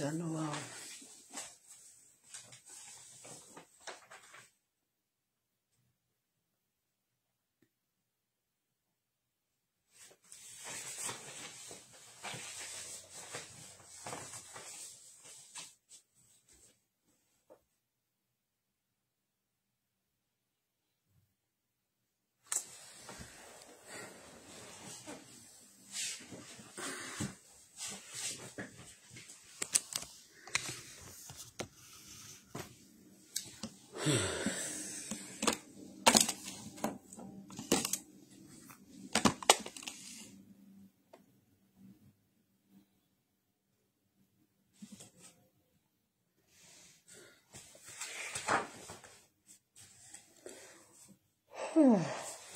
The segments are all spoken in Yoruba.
ṣàánú wa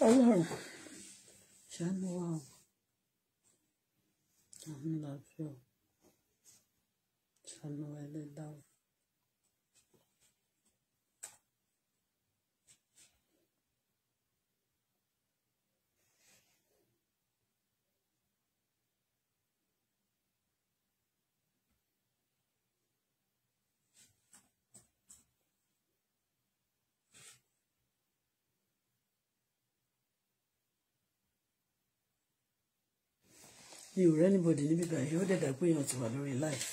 ọlọ́run ṣàánú wa o àwọn làbẹ́ o. You or anybody, anybody níbi báyìí ó dẹ̀dà pé èèyàn ti wà lórí life.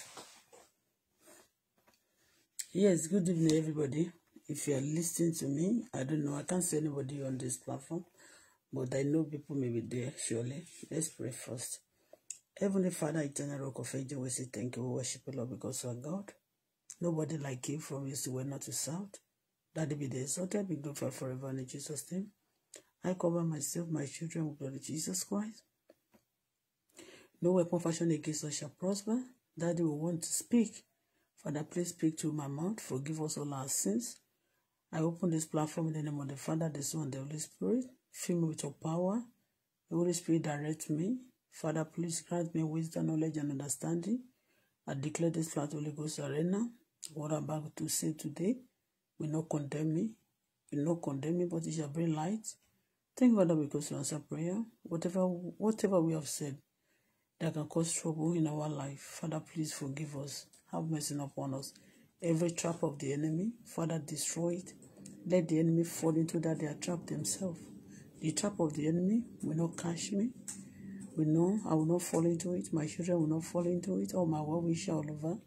yes good evening everybody if you are listening to me i don't know i can't see anybody on this platform but i know people may be there surely let's pray first. Heavenly Father, eternal rock of ages, we say thank you, we worship you, Lord, because you are God. Nobody like you from east to west, not to south. That be the exalted, be glorified forever in Jesus' name. I cover myself, my children with blood of Jesus Christ. No weapon fashioned against us shall prosper. Daddy we want to speak. Father, please speak to my mouth. Forgive us all our sins. I open this platform in the name of the Father, the Son, and the Holy Spirit. Fill me with your power. The Holy Spirit direct me. Father, please grant me wisdom, knowledge, and understanding. I declare this flat Holy Ghost arena. What I'm about to say today will not condemn me. Will not condemn me, but it shall bring light. Thank God because you answer prayer. Whatever whatever we have said, that can cause trouble in our life. Father, please forgive us. Have mercy upon us. Every trap of the enemy, Father, destroy it. Let the enemy fall into that they are trapped themselves. The trap of the enemy will not catch me. We know I will not fall into it. My children will not fall into it. All my well wisher all over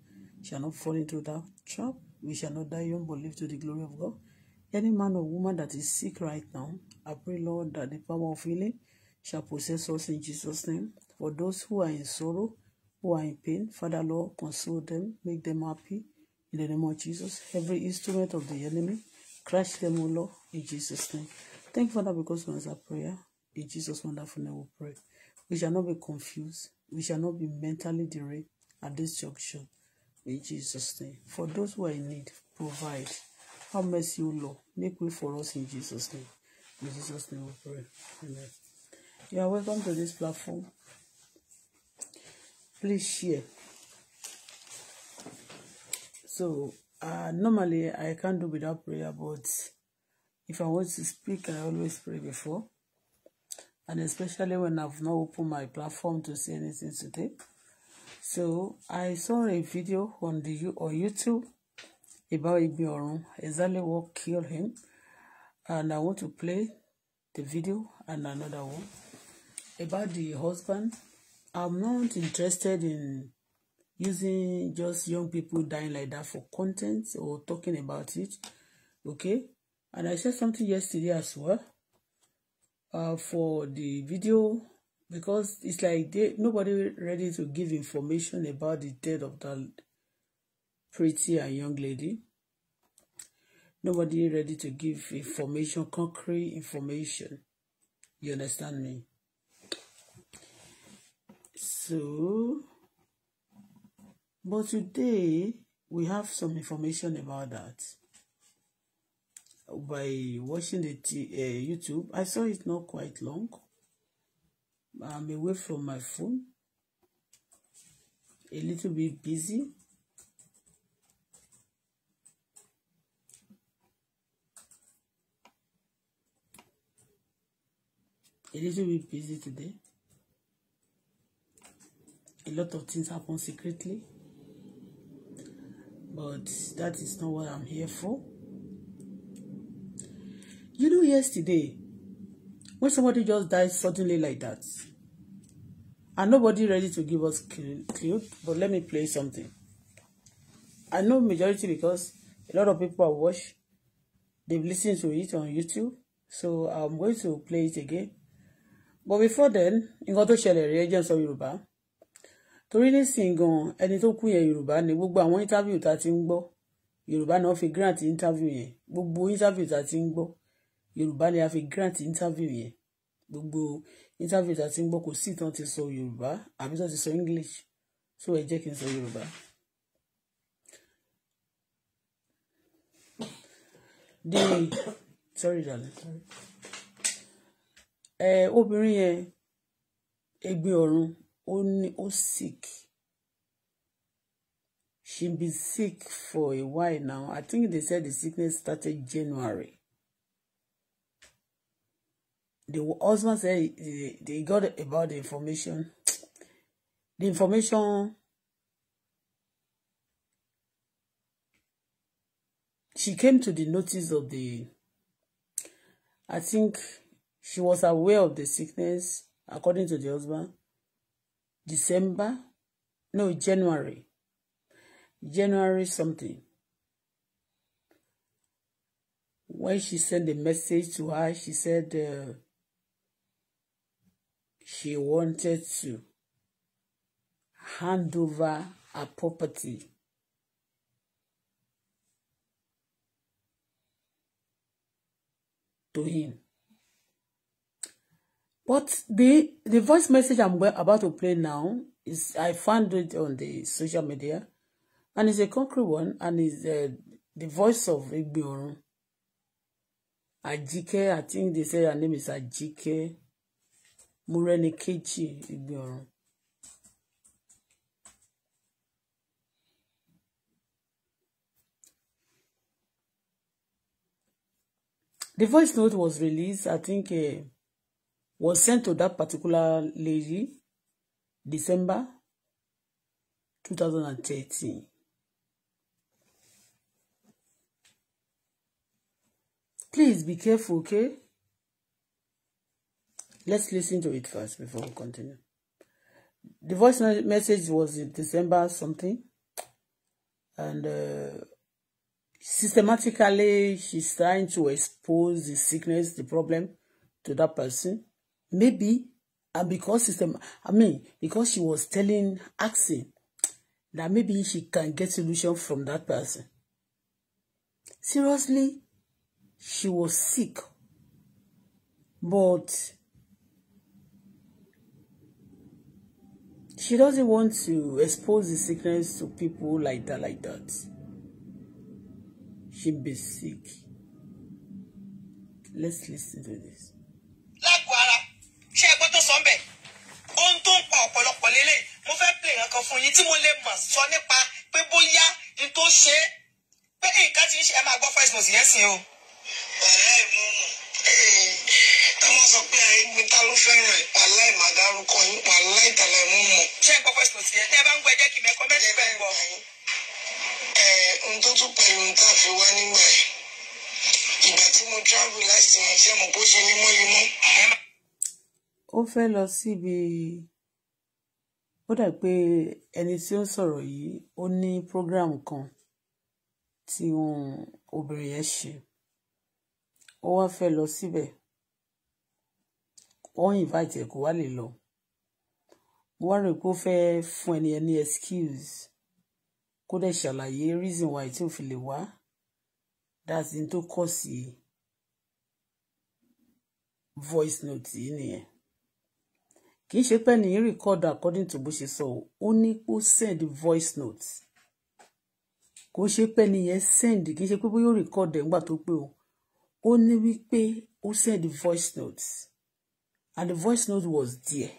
shall not fall into that trap. We shall not die young, but live to the glory of God. Any man or woman that is sick right now, I pray, Lord, that the power of healing shall possess us in Jesus' name. For those who are in sorrow, who are in pain, Father Lord, console them, make them happy. In the name of Jesus, every instrument of the enemy, crush them, O Lord, in Jesus' name. Thank you, Father, because you answer prayer. In Jesus' wonderful name we pray. We shall not be confused. We shall not be mentally derailed at this junction, In Jesus' name. For those who are in need, provide. Have mercy, O Lord. Make way for us in Jesus' name. In Jesus' name we pray. Amen. You are welcome to this platform please share so uh, normally I can't do without prayer but if I want to speak I always pray before and especially when I've not opened my platform to say anything today so I saw a video on the on YouTube about Ibi Orun exactly what killed him and I want to play the video and another one about the husband I'm not interested in using just young people dying like that for content or talking about it. Okay? And I said something yesterday as well uh, for the video because it's like they, nobody ready to give information about the death of that pretty and young lady. Nobody ready to give information, concrete information. You understand me? So, but today we have some information about that by watching the t uh, YouTube. I saw it not quite long. I'm away from my phone, a little bit busy. A little bit busy today a lot of things happen secretly but that is not what I'm here for. You know, yesterday, when somebody just died suddenly like that, and nobody ready to give us clue, but let me play something. I know majority because a lot of people have watched, they've listened to it on YouTube, so I'm going to play it again. But before then, nǹkan tó ṣẹlẹ̀ rí ẹ jẹ́ n sọ Yorùbá torí nísìn gan ẹni tó kú yẹn yorùbá ni gbogbo àwọn interview ta ti ń gbọ́ yorùbá náà fi grant interview yẹn gbogbo interview ta ti ń gbọ́ yorùbá ni a fi grant interview yẹn gbogbo interview ta ti ń gbọ́ kò sí ìtàn ti sọ yorùbá àbí tó ti sọ english so ẹ jẹ́ kí n sọ yorùbá. the sorry darling ẹ obìnrin yẹn ẹgbẹ́ ọ̀run ó ní ó sick she been sick for a while now I think they said the sickness started January the husband said they, they got about the information the information she came to the notice of the I think she was aware of the sickness according to the husband December, no, January, January something. When she sent a message to her, she said uh, she wanted to hand over a property. to him. But the the voice message I'm about to play now is I found it on the social media, and it's a concrete one, and it's uh, the voice of Igbiorun. Ajike, I think they say her name is Ajike Murenikechi Igbiorun. The voice note was released, I think. Uh, was sent to that particular lady December 2013. Please be careful, okay? Let's listen to it first before we continue. The voice message was in December something. And uh, systematically, she's trying to expose the sickness, the problem to that person maybe and because system i mean because she was telling asking that maybe she can get solution from that person seriously she was sick but she doesn't want to expose the sickness to people like that like that she be sick let's listen to this fún yín tí mo lè mọ̀ sọ nípa pé bóyá n tó ṣe é pé nǹkan ti ń ṣe ẹ máa gbọ́ first note yẹn sìn o. wàhálà ìmọ̀mọ̀ táwọn sọ pé àìmí ta ló fẹ́ràn ìpàlá ìmàdárúkọ yín pàlá ìtàlá ìmọ̀mọ̀. ṣé ẹ gbọ́ first note yẹn tẹ́ ẹ bá ń gbọ́ ẹ jẹ́ kí mẹ́kọ́ mẹ́tì bẹ́ẹ̀ gbọ́. ẹ n tó tún pẹ̀lú n tá a fi wá nígbà yẹn ìgbà tí mo travel láti ṣe mo bó ṣe ní mọ́lẹ́mọ́. ó fẹ́ lọ síbi ó dà pé ẹni tí ó sọ̀rọ̀ yìí ó ní program kan tí obìnrin yẹn ṣe ó wá fẹ́ lọ síbẹ̀ wọ́n invite ẹ̀ kó wá lè lọ mo wá rò pé ó fẹ́ fún ẹni ẹni excuse kó dẹ̀ ṣàlàyé reason why tí ò fi lè wá dáàtì tó kọ̀ sí voice note yìí nìyẹn kì í ṣe pé ní record according to bó ṣe sọ ó ní kó send voice note kò ṣe pé nìyẹn send kì í ṣe pé bóyá ó record ẹ̀ ńgbà tó pé o ó ní wípé ó send voice note and the voice note was there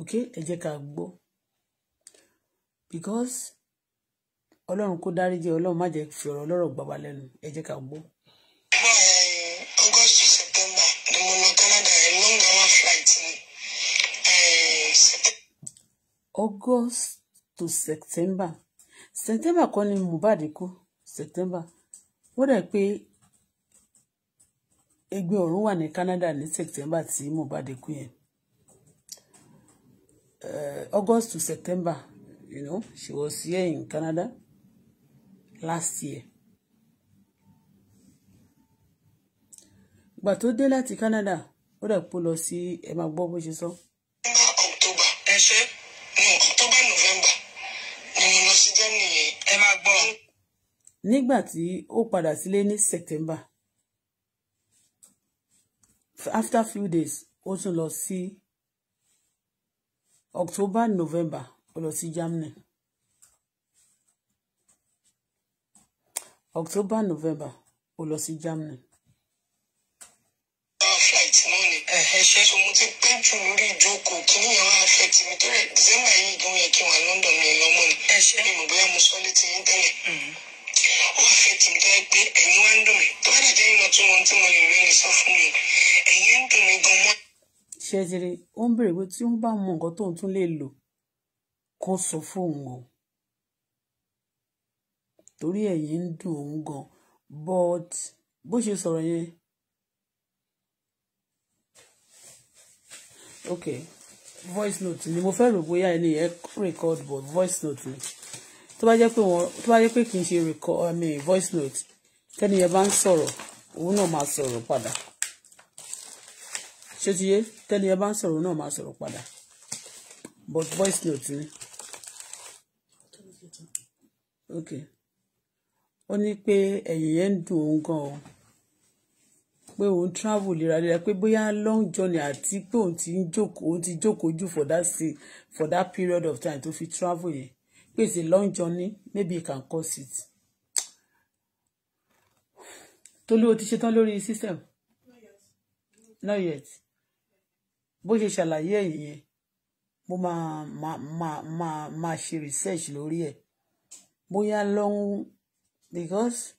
okay ẹ jẹ́ ká gbọ́ because ọlọ́run kó dáríjì ọlọ́run má jẹ́ fi ọ̀rọ̀ ọlọ́rọ̀ gbà lẹ́nu ẹ jẹ́ ká gbọ́. August to September September kọ́ ni Mohbad kú September ó dẹ̀ pé ẹgbẹ́ ọ̀run wà ní Canada ní September tí Mohbad kú yẹn uh, August to September you know she was here in Canada last year. gbà tó dé láti Canada ó dẹ̀ pé lọ sí ẹ máa gbọ́ bó ṣe sọ. October ẹ ṣe jẹ́ nìyẹn ẹ máa nígbà tí ó padà sílé ní September after few days ó tún lọ sí October November ó lọ sí Germany October November ó lọ sí Germany ẹ̀ṣẹ̀ ṣe mo ti pẹ́ jù lórí ìjókòó kìíní yẹn máa fẹ́ ti mi torí december yìí gan yẹ kí n wà London ní ọmọ ni ẹ̀ṣẹ̀ mi mọ̀ bóyá mo sọ létí yín tẹ́lẹ̀ mm-hmm. ó wà ti mi tẹ́lẹ̀ pé ẹ̀yin wá ń dùn mí tó bá dẹ̀ jẹ́ ìnà tí wọ́n ti mọ̀ lè rẹ́rìn sọ fún mi ẹ̀yin ń dùn mí gan mọ́. ṣé ó ń béèrè pé tí wọn bá mọ nǹkan tóun tún lè lò kó sọ fóun o torí ẹ̀yin ń dùn òun gan but bó ṣe sọ̀rọ̀ yẹn okay voice note ni mo fẹ́ rò bóyá ẹni yẹn record but voice note ni tó bá jẹ́ pé wọ́n tó bá jẹ́ pé kì í ṣe record i mean voice note tẹ́ni yẹn bá ń sọ̀rọ̀ òun náà máa sọ̀rọ̀ padà ṣé ti yé tẹ́ni yẹn bá ń sọ̀rọ̀ òun náà máa sọ̀rọ̀ padà but voice note ni okay ó ní pé ẹ̀yìn yẹn ń dùn òun gan-an pé òun travel léraléra pé bóyá long journey àti pé òun ti ń jókòó òun ti jókòó jù for that say for that period of time tó fi travel yẹn pé it's a long journey maybe you can cause it. Tolu o ti ṣetán lórí system? Not yet. Bó ṣe ṣàlàyé ẹ̀yìn yẹn, mo máa máa máa máa ṣe research lórí ẹ̀. Bóyá long because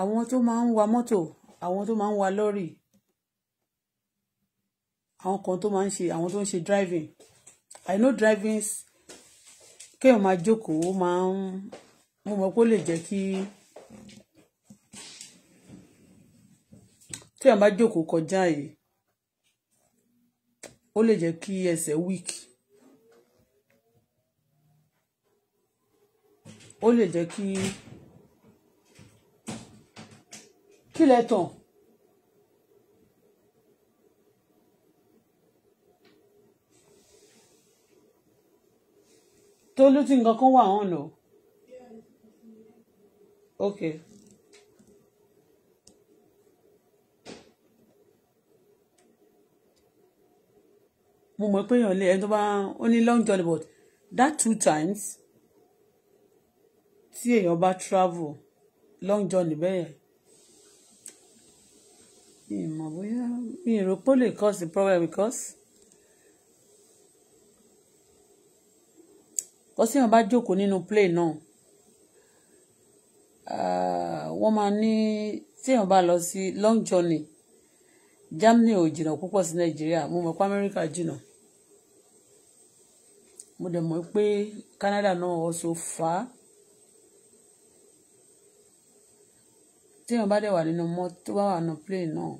àwọn tó máa ń wa mọ́tò àwọn tó máa ń wa lọ́rì àwọn kan tó máa ń ṣe àwọn tó ń ṣe driving i know driving kéèyàn máa jókòó ó máa ń mo mọ̀ pé ó lè jẹ́ kí téèyàn bá jókòó kọjá yìí ó lè jẹ́ kí ẹsẹ̀ weak ó lè jẹ́ kí. tilẹ̀ tàn. Tolú tí nǹkan kan wà hàn lọ. Okay. mo mọ̀ pé èèyàn lé ẹni tó bá ó long journey but that two times tí èèyàn ba travel long journey bẹ́ẹ̀ mi ì mọ̀ bóyá mi ì rò pé lè cause the problem because kọ́sí wọn bá jókòó nínú play náà ah, wọ́n máa ní téèyàn bá lọ sí long journey Germany ò jìnnà púpọ̀ sí Nàìjíríà mo mọ̀ pé Amẹ́ríkà jìnnà mo dẹ̀ mọ̀ pé Canada náà ọ̀ṣọ́ fà á. tí wọn bá dẹ̀ wà nínú tó bá wà nínú plane náà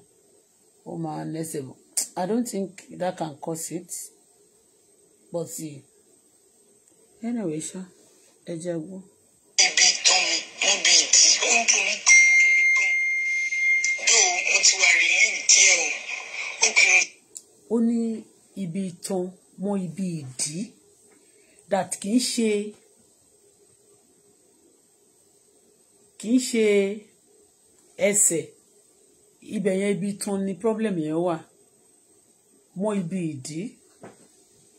ó máa nẹ́sẹ̀ bọ̀ I don't think that can cause it but see. anyway ṣá ẹ jẹ́ gbọ́. ibi tán mi wọ́n bí ìdí ó ń dùn mí dó mo ti wà rí ní díẹ̀ o ó pinnu. ó ní ibi ìtàn mọ́ ibi ìdí that kì í ṣe kì í ṣe ẹsẹ̀ ibẹ̀ yẹn ibi tán ni problem yẹn wà mọ́ ibi ìdí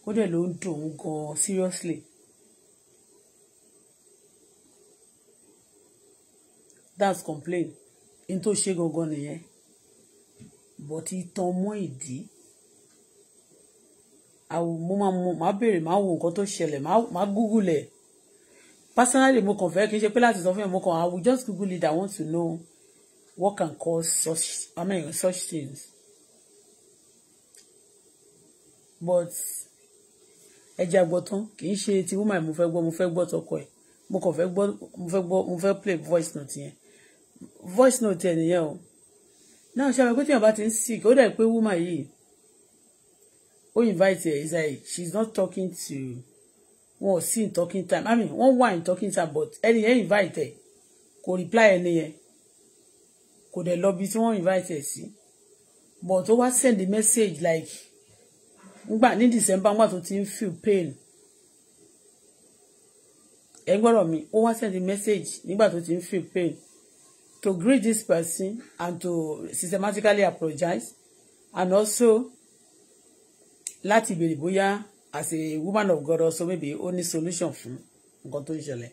ó dẹ̀ ló ń dùn gan seriously. that's complain n tó ṣe gangan nìyẹn but ìtàn mọ́ ìdí àwọn mo máa mo máa béèrè máa wo nǹkan tó ṣẹlẹ̀ máa google ẹ̀ personally mo kàn fẹ́ kí n ṣe pé láti sọ fún ẹ mo kàn I will just google it I want to know what can cause such I mean such things but ẹja gbọ́ tán kì í ṣe ti woman mo fẹ́ gbọ́ mo fẹ́ gbọ́ tọkọ ẹ̀ mo kàn fẹ́ gbọ́ mo fẹ́ gbọ́ mo fẹ́ play voice note yẹn voice note ẹ̀ nìyẹn o náà ṣe àwọn ìpínlẹ̀ bá ti ń sick ó dẹ̀ pé woman yìí ó invite her is like she's not talking to wọn ò sí in talking time I mean wọ́n wà in talking time but ẹni yẹn invite ẹ̀ kò reply ẹni yẹn kò dẹ̀ lọ bí tí wọ́n invite ẹ̀ sí but ó wá send a message like ngbà ní December ngbà tó ti ń feel pain ẹ gbọ́dọ̀ mi ó wá send a message nígbà tó ti ń feel pain to greet this person and to systematically apologize and also láti béèrè bóyá as a woman of God also maybe only solution fún nǹkan tó ń ṣẹlẹ̀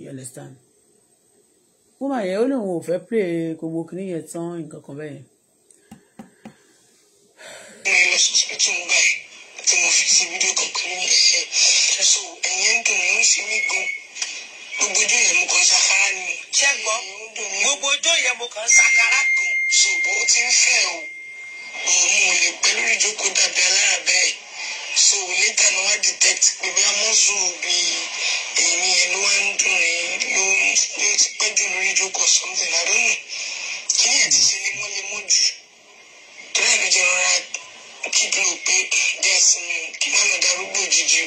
you understand woman yẹn ó lóun ò fẹ́ play gbogbo kìnní yẹn tán nǹkan kan bẹ́ẹ̀. yẹn gbogbo ojú yẹn mo kàn ṣàkárá gan. ṣùgbọ́n ó ti ń fẹ́ o mo lè pẹ́ lórí ìjókòó dàbí alára so later ni wọ́n detect pé bí amọ́sù bí èmi yẹn ló wá ń dùn ní ló ló ti pẹ́ jù lórí ìjókòó something I don't know kí ni ẹ̀ ti ṣe lemọ́lemọ́ jù tó náà keep low pé díẹ̀ sí mi kí má lọ darúgbó òjijì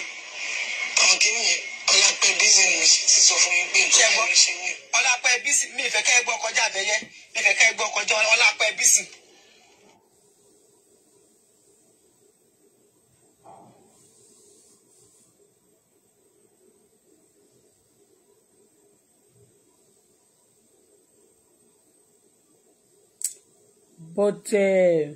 àwọn kí ni ọlápẹ́ bísí mi ṣe ti sọ fún mi pé nǹkan mi ṣe mí. ọlápẹ́ bísí mi ìfẹ́ kẹ́ gbọ́ kọjá àbẹ́yẹ mi ìfẹ́ kẹ́ gbọ́ kọjá ọlápẹ́ bísí. But uh,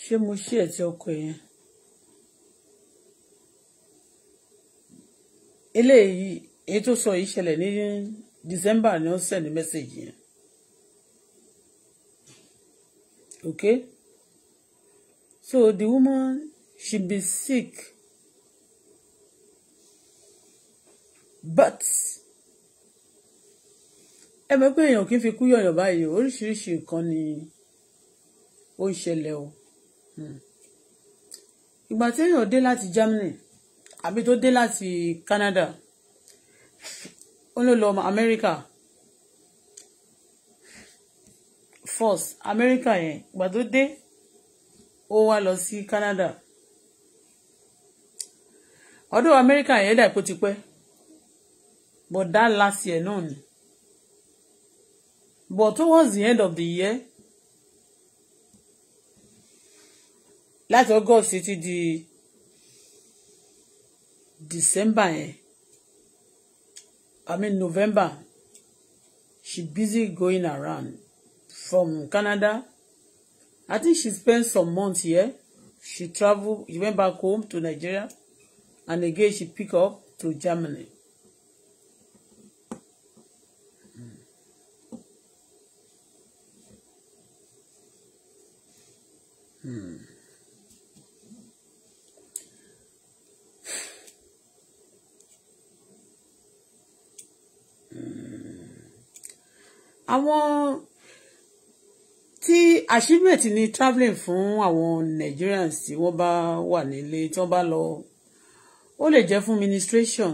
ṣé mo ṣí ẹ ti yẹn eléyìí èyí tó sọ yìí ṣẹlẹ̀ ní December ni wọ́n send the message yẹn okay so the woman she be sick but ẹ mọ̀ pé èèyàn kì í fi kú yọ̀yàn báyìí oríṣiríṣi nǹkan ni ó ń ṣẹlẹ̀ o hmm. ìgbà tí èèyàn dé láti Germany àbí tó dé láti Canada ó ló lọ Amẹ́ríkà first Amẹ́ríkà yẹn ìgbà tó dé ó wá lọ sí Canada ọdún Amẹ́ríkà yẹn dà kó ti pẹ́ but that last year náà ni but towards the end of the year láti August títí di December yẹn I mean November, she busy going around from Canada. I think she spent some months here. She traveled, she went back home to Nigeria, and again she picked up to Germany. Hmm. hmm. àwọn tí achievement ni travelling fún àwọn Nigerians tí wọ́n bá wà nílé tí wọ́n bá lọ ó lè jẹ́ fún ministration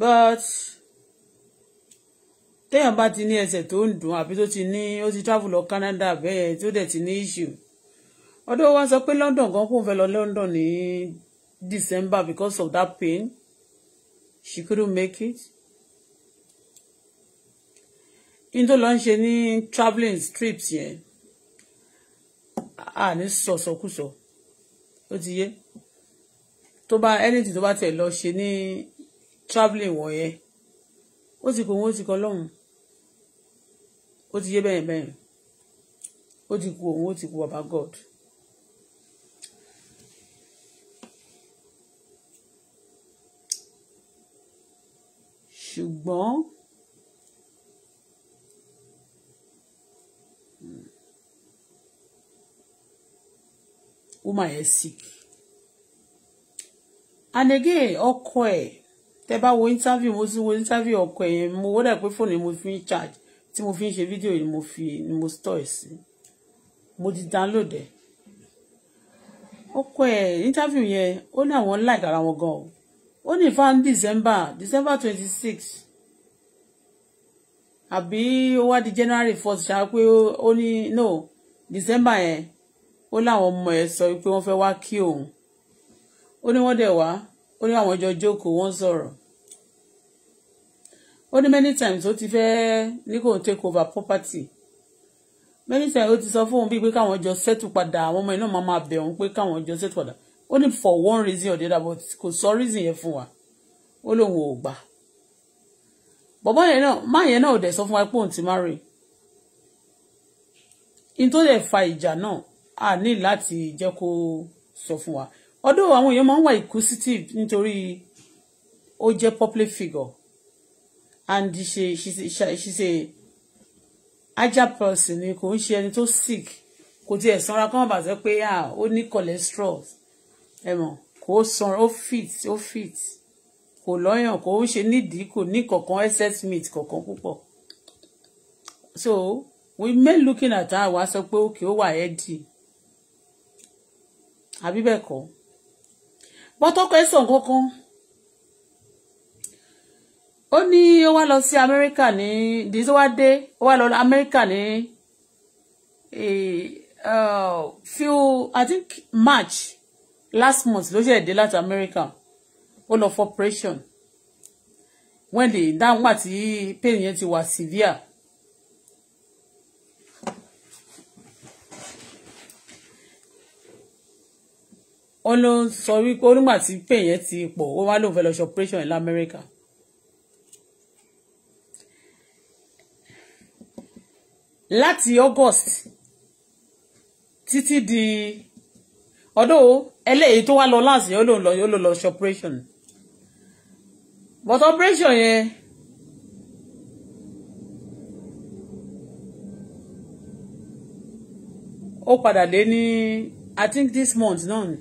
but téèyàn bá ti ní ẹsẹ̀ tó ń dùn àbí tó ti ní ó ti travel lọ Canada bẹ́ẹ̀ tó dẹ̀ ti ní issue ọdún wa sọ pé London gan kò fẹ́ lọ London ní December because of that pain she couldn't make it in tó lọ ń ṣe ní travelling trips yẹn a ní sọ̀sọ̀kùsọ̀ ó ti yé tó bá anything tó bá tẹ̀ lọ ṣe ní travelling wọ̀nyẹn ó ti kò wọ́n ó ti kọ́ lọ́hùn ó ti yé bẹ́yẹn bẹ́yẹn ó ti kú òun ó ti kú baba god. ṣùgbọ́n woman is sick and again ọkọ ẹ̀ tẹ́ wo interview mo ti wo interview ọkọ ẹ̀ yẹn mo wọ́dà pé fóònù mo fi charge tí mo fi ń ṣe mo fi ni mo store Si. mo di download ẹ̀ ọkọ interview ye. ó ní àwọn like ara wọn gan o ó ní December December twenty six àbí ó wá di January first ṣáà pé ó ní no December Eh, ó láwọn ọmọ ẹ̀ sọ pé wọ́n fẹ́ wá kí òun ó ní wọ́n dẹ̀ wá ó ní àwọn jọ jókòó wọ́n sọ̀rọ̀ ó ní many times ó ti fẹ́ ní kò take over property many times ó ti sọ fún òun bíi pé káwọn jọ settle padà àwọn ọmọ iná máa máa bẹ̀ òun pé káwọn jọ settle padà ó ní for one reason or the other but kò sọ reason yẹn fún wa ó lóun ò gbà bọ̀bọ́ yẹn náà má yẹn náà ò dẹ̀ sọ fún wa pé òun ti marry in tó dẹ̀ fa ìjà náà a ní láti jẹ́ kó sọ fún wa ọdún àwọn èèyàn máa ń wà inquisitive nítorí ó jẹ́ public figure and she she she say, "Aja person ni kò ń ṣe ẹni tó sick kò tiẹ̀ sanra kọ́mọ̀ bàtẹ́ pé ó ní cholesterol ẹ mọ̀ kò sanra ó fit ó fit kò lọ́yàn kò ń ṣe nídìí kò ní kankan excess meat kankan púpọ̀ so we may looking at her wa sọ pé òkè ó wà healthy àbí bẹ́ẹ̀ kọ́ bọ́tọ́kọ ẹ̀ sàn kankan ó ní ó wá lọ sí amẹ́ríkà ní dìísí wá dé ó wá lọ amẹ́ríkà ní few i think march last month ló ṣe dé láti amẹ́ríkà ó lọ for operation when they dáhùn àti pain yẹn ti wà severe ó ló ń sọ wípé onígbà tí pain yẹn ti pọ̀ ó wá lóun fẹ́ lọ ṣe operation ní Amẹ́ríkà. láti August títí di ọdún eléyìí tó wá lọ láàsì ó lòun lọ ó lòun lọ ṣe operation but operation yẹn. ó padà dé ní i think this month náà ni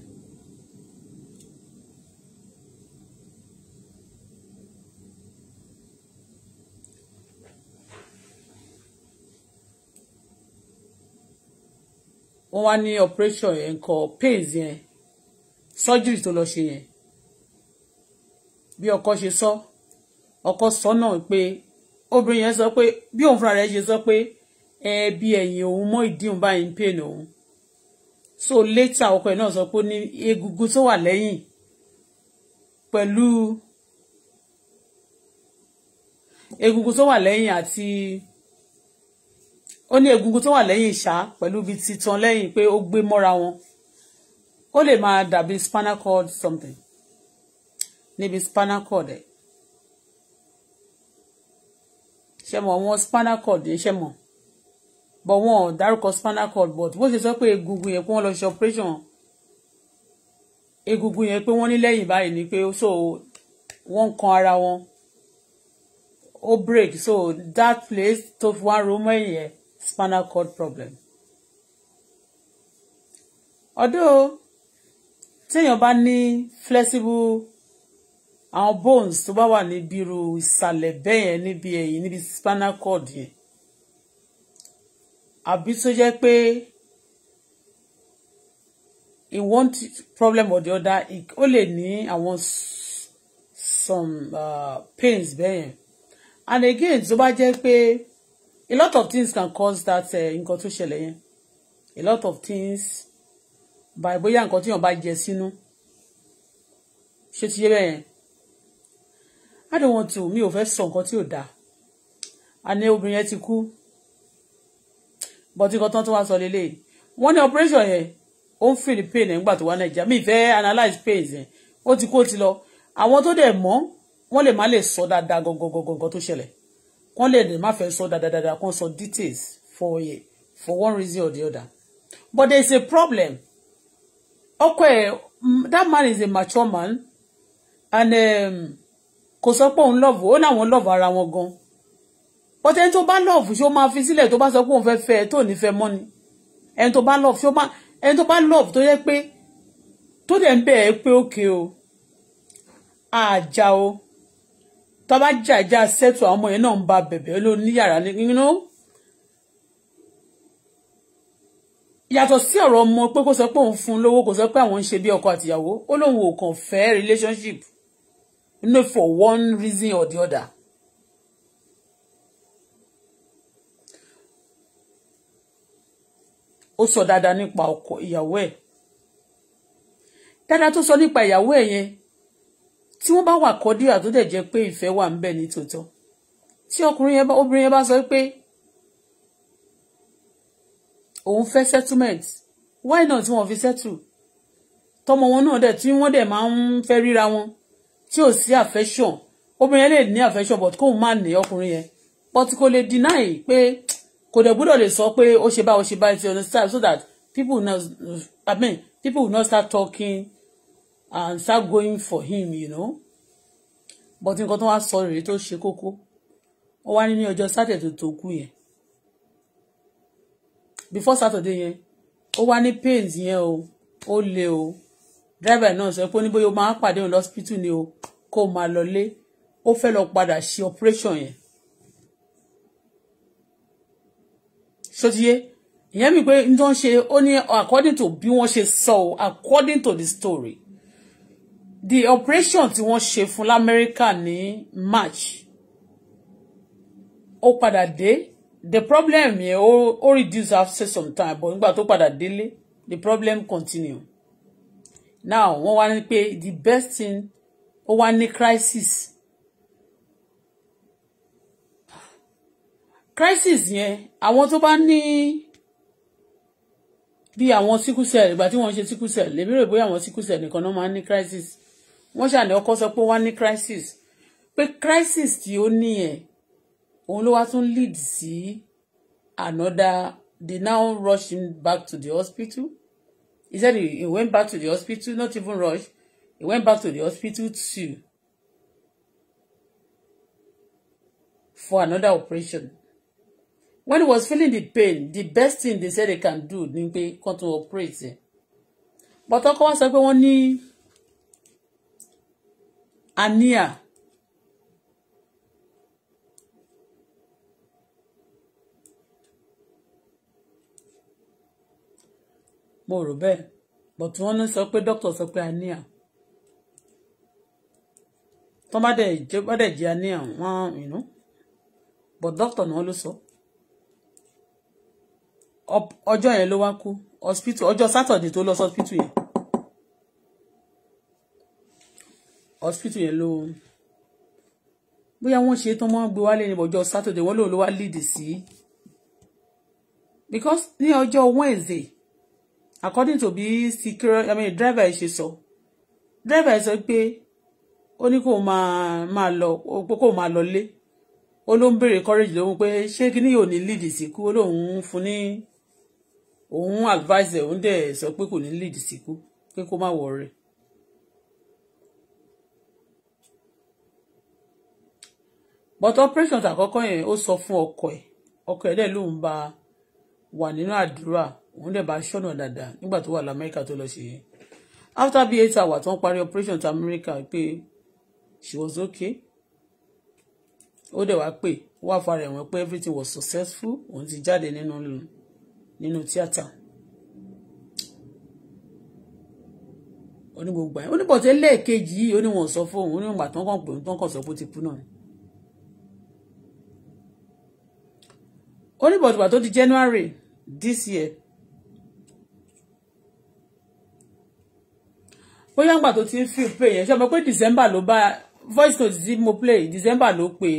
wọ́n wá ní operation yẹn nǹkan pains yẹn surgery tó lọ ṣe yẹn bí ọkọ ṣe sọ ọkọ sọ náà pé obìnrin yẹn sọ pé bí òun fúnra rẹ̀ ṣe sọ pé ẹbí ẹ̀yìn òun mọ́ ìdí òun báyìí ń pain òun so later ọkọ ẹ̀ náà sọ pé ní egungun tó wà lẹ́yìn pẹ̀lú egungun tó wà lẹ́yìn àti ó ní egungun tó wà lẹ́yìn ìṣá pẹ̀lú ibi titan lẹ́yìn pé ó gbé mọ́ra wọn ó lè máa dàbí spinal cord something níbi spinal cord ẹ̀ ṣe mọ̀ wọn spinal cord yẹn ṣe mọ̀ but wọn ò dárúkọ spinal cord but bó ṣe sọ pé egungun yẹn pé wọ́n lọ ṣe operation egungun yẹn pé wọ́n ní lẹ́yìn báyìí ni pé so wọ́n ń kan ara wọn ó break so that place tó fi wá ro mọ́ ẹ̀yìn spinal cord problem. although téèyàn bá ní flexible àwọn bones tó bá wà níbi irú ìsàlẹ̀ bẹ́ẹ̀ yẹn níbi ẹ̀yìn níbi spinal cord yẹn àbí tó jẹ́ pé in one problem or the other ó lè ní àwọn some uh, pains bẹ́ẹ̀ yẹn and again tó bá jẹ́ pé a lot of things can cause that eh, nǹkan tó ṣẹlẹ̀ yẹn a lot of things by bóyá nǹkan tí yàn bá jẹ sínú ṣé ti yé bẹ́ẹ̀ yẹn I don't want to mi ò fẹ́ sọ nǹkan tí ò dáa àní obìnrin yẹn ti kú bọ́tí nǹkan tán tó wá sọ lélẹ̀ wọ́n ní operation yẹn ó ń feel pain ẹ̀ nígbà tó wá nàìjíríà mi ìfẹ́ analyse pain yẹn ó ti kó ti lọ àwọn tó dẹ̀ mọ́ wọ́n lè má lè sọ dáadáa gangan tó ṣẹlẹ̀ kán lè lè má fẹ́ sọ dáadáa kán sọ details for a for one reason or the other but there is a problem ọkọ ẹ̀ that man is a mature man and um, kò sọ pé òun love, ó láwọn lọ́ọ̀bù ara wọn gan but ẹni tó bá lọ́ọ̀bù ṣé ó máa fi sílẹ̀ tó bá sọ pé òun fẹ́ fẹ́ ẹ tó ní fẹ́ mọ́ ni ẹni tó bá love. ṣé ó máa ẹni tó bá lọ́ọ̀bù tó yẹ pé tó dẹ̀ ń bẹ̀ ẹ́ pé ókè o àjà o tó bá jàjà sẹ́tù àwọn ọmọ yẹn náà ń ba bẹ̀bẹ̀ ló ní yàrá nínú. yàtọ̀ sí ọ̀rọ̀ ọmọ pé kó sọ pé òun fún un lówó kó sọ pé àwọn ń ṣe bí ọkọ àtìyàwó ó lóun ò kàn fẹ́ relationship no for one reason or the other. ó sọ dáadáa nípa ọkọ ìyàwó ẹ̀ dáadáa tó sọ nípa ìyàwó ẹ̀ yẹn tí wọ́n bá wà kọ́díà tó dẹ̀ jẹ́ pé ìfẹ́ wà ń bẹ ní tòótọ́ tí ọkùnrin yẹn bá obìnrin yẹn bá sọ pé òun fẹ́ settlement why not tí wọ́n fi settle tọmọ wọn náà dẹ̀ tí wọ́n dẹ̀ máa ń fẹ́ ríra wọn tí ò sí affection obìnrin yẹn lè ní affection but kóun má ní ọkùnrin yẹn but kò lè deny pé kò dẹ̀ gbọ́dọ̀ lè sọ pé ó ṣe bá ó ṣe bá ti understand so that people not, I mean people will not start talking and start going for him you know but nǹkan tó wá sọ rèé tó ṣe kókó ó wá ní ní ọjọ́ sátidé tó kú yẹn before saturday yẹn ó wá ní pains yẹn o ó le o driver náà sọ pé ó ní bóyá ó máa pàdé òun lọ́sípítù ni o kó o máa lọlé ó fẹ́ lọ padà ṣe operation yẹn ṣòtíyé ìyẹn mi pé n tó ń ṣe ó ní according to bí wọ́n ṣe sọ o according to the story the operation tí wọ́n ṣe fún lamẹ́ríkà ní march ó padà dé the problem yẹn ó ó reduce after some time but nígbà to padà délé the problem continue now wọ́n wá ní pé the best thing ó wá ní crisis crisis yẹn àwọn to bá ní bí àwọn sickle cell ìgbà tí wọ́n ṣe sickle cell lèmi rò bóyá àwọn sickle cell nìkan náà máa ń ní crisis wọ́n ṣàní ọkọ sọ pé wọ́n ní crisis pé crisis tí ó ní ẹ̀ òun ló wá tún lead sí another they now rush him back to the hospital he said he, went back to the hospital not even rush he went back to the hospital too for another operation when he was feeling the pain the best thing they said they can do ni pé kàn tún operate but ọkọ wa sọ pé wọ́n ní. Ania mo rò bẹ́ẹ̀ but wọ́n ní sọ pé doctor sọ pé ania tó bá dẹ̀ jẹ́ bá dẹ̀ jẹ́ ania wọ́n inú but doctor náà ló sọ ọjọ́ yẹn ló wá kú hospital ọjọ́ Saturday tó lọ hospital yẹn hospital yẹn ló bóyá wọ́n ṣe tán wọ́n gbé wálé ní ọjọ́ Saturday wọ́n lòun ló wá lead sí because ní ọjọ́ Wednesday according to bí security I mean driver ṣe sọ driver sọ pé ó ní kó máa máa lọ pé kó máa lọ lé ó ló ń béèrè courage lóhun pé ṣé kí ni yóò ní lead síkú ó lóun fún ní òun advice ẹ̀ òun dẹ̀ sọ pé kò ní lead síkú pé kó má wọ̀ rẹ̀ but operation àkọ́kọ́ yẹn ó sọ fún ọkọ ẹ̀ ọkọ ẹ̀ dẹ̀ ló ń bá wà nínú àdúrà òun dẹ̀ bá ṣọ́nà dáadáa nígbà tó wà lamẹ́ríkà tó lọ ṣe yẹn after bíi eight hours tó ń parí operation to America pé she was okay ó dẹ̀ wá pé wá fara ẹ̀wọ̀n pé everything was successful òun ti jáde nínú nínú tíátà onígbogbo ẹ̀ onígbọ̀tẹ́ lẹ́ẹ̀kejì yìí ó ní wọn sọ fóun ó ní wọn gbà tán kàn pé òun tán kàn sọ pé ó ti kú náà ó ní bọ̀tùbà tó di January this year bóyá ńgbà tó ti ń feel pain yẹn ṣe mọ̀ pé December ló bá voice note tí mo play December ló pe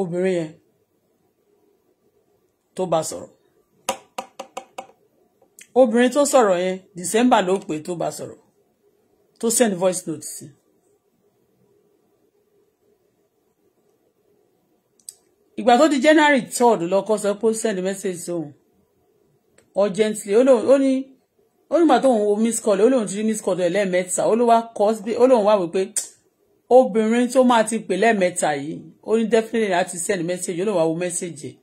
obìnrin yẹn tó bá sọ̀rọ̀ obìnrin tó sọ̀rọ̀ yẹn December ló pe tó bá sọ̀rọ̀ tó send voice note sí i. ìgbà tó di January third lọkọ sọ pé ó send message sóun urgently ó lóun ó ní ó nígbà tóun wo miss call ó lóun ti rí miss call tó lẹ́ẹ̀mẹ́ta ó ló wá kọ́ ó lóun wá wípé obìnrin tó máa ti pè lẹ́ẹ̀mẹ́ta yìí ó ní definitely láti send message ó lóun wá wo message yẹn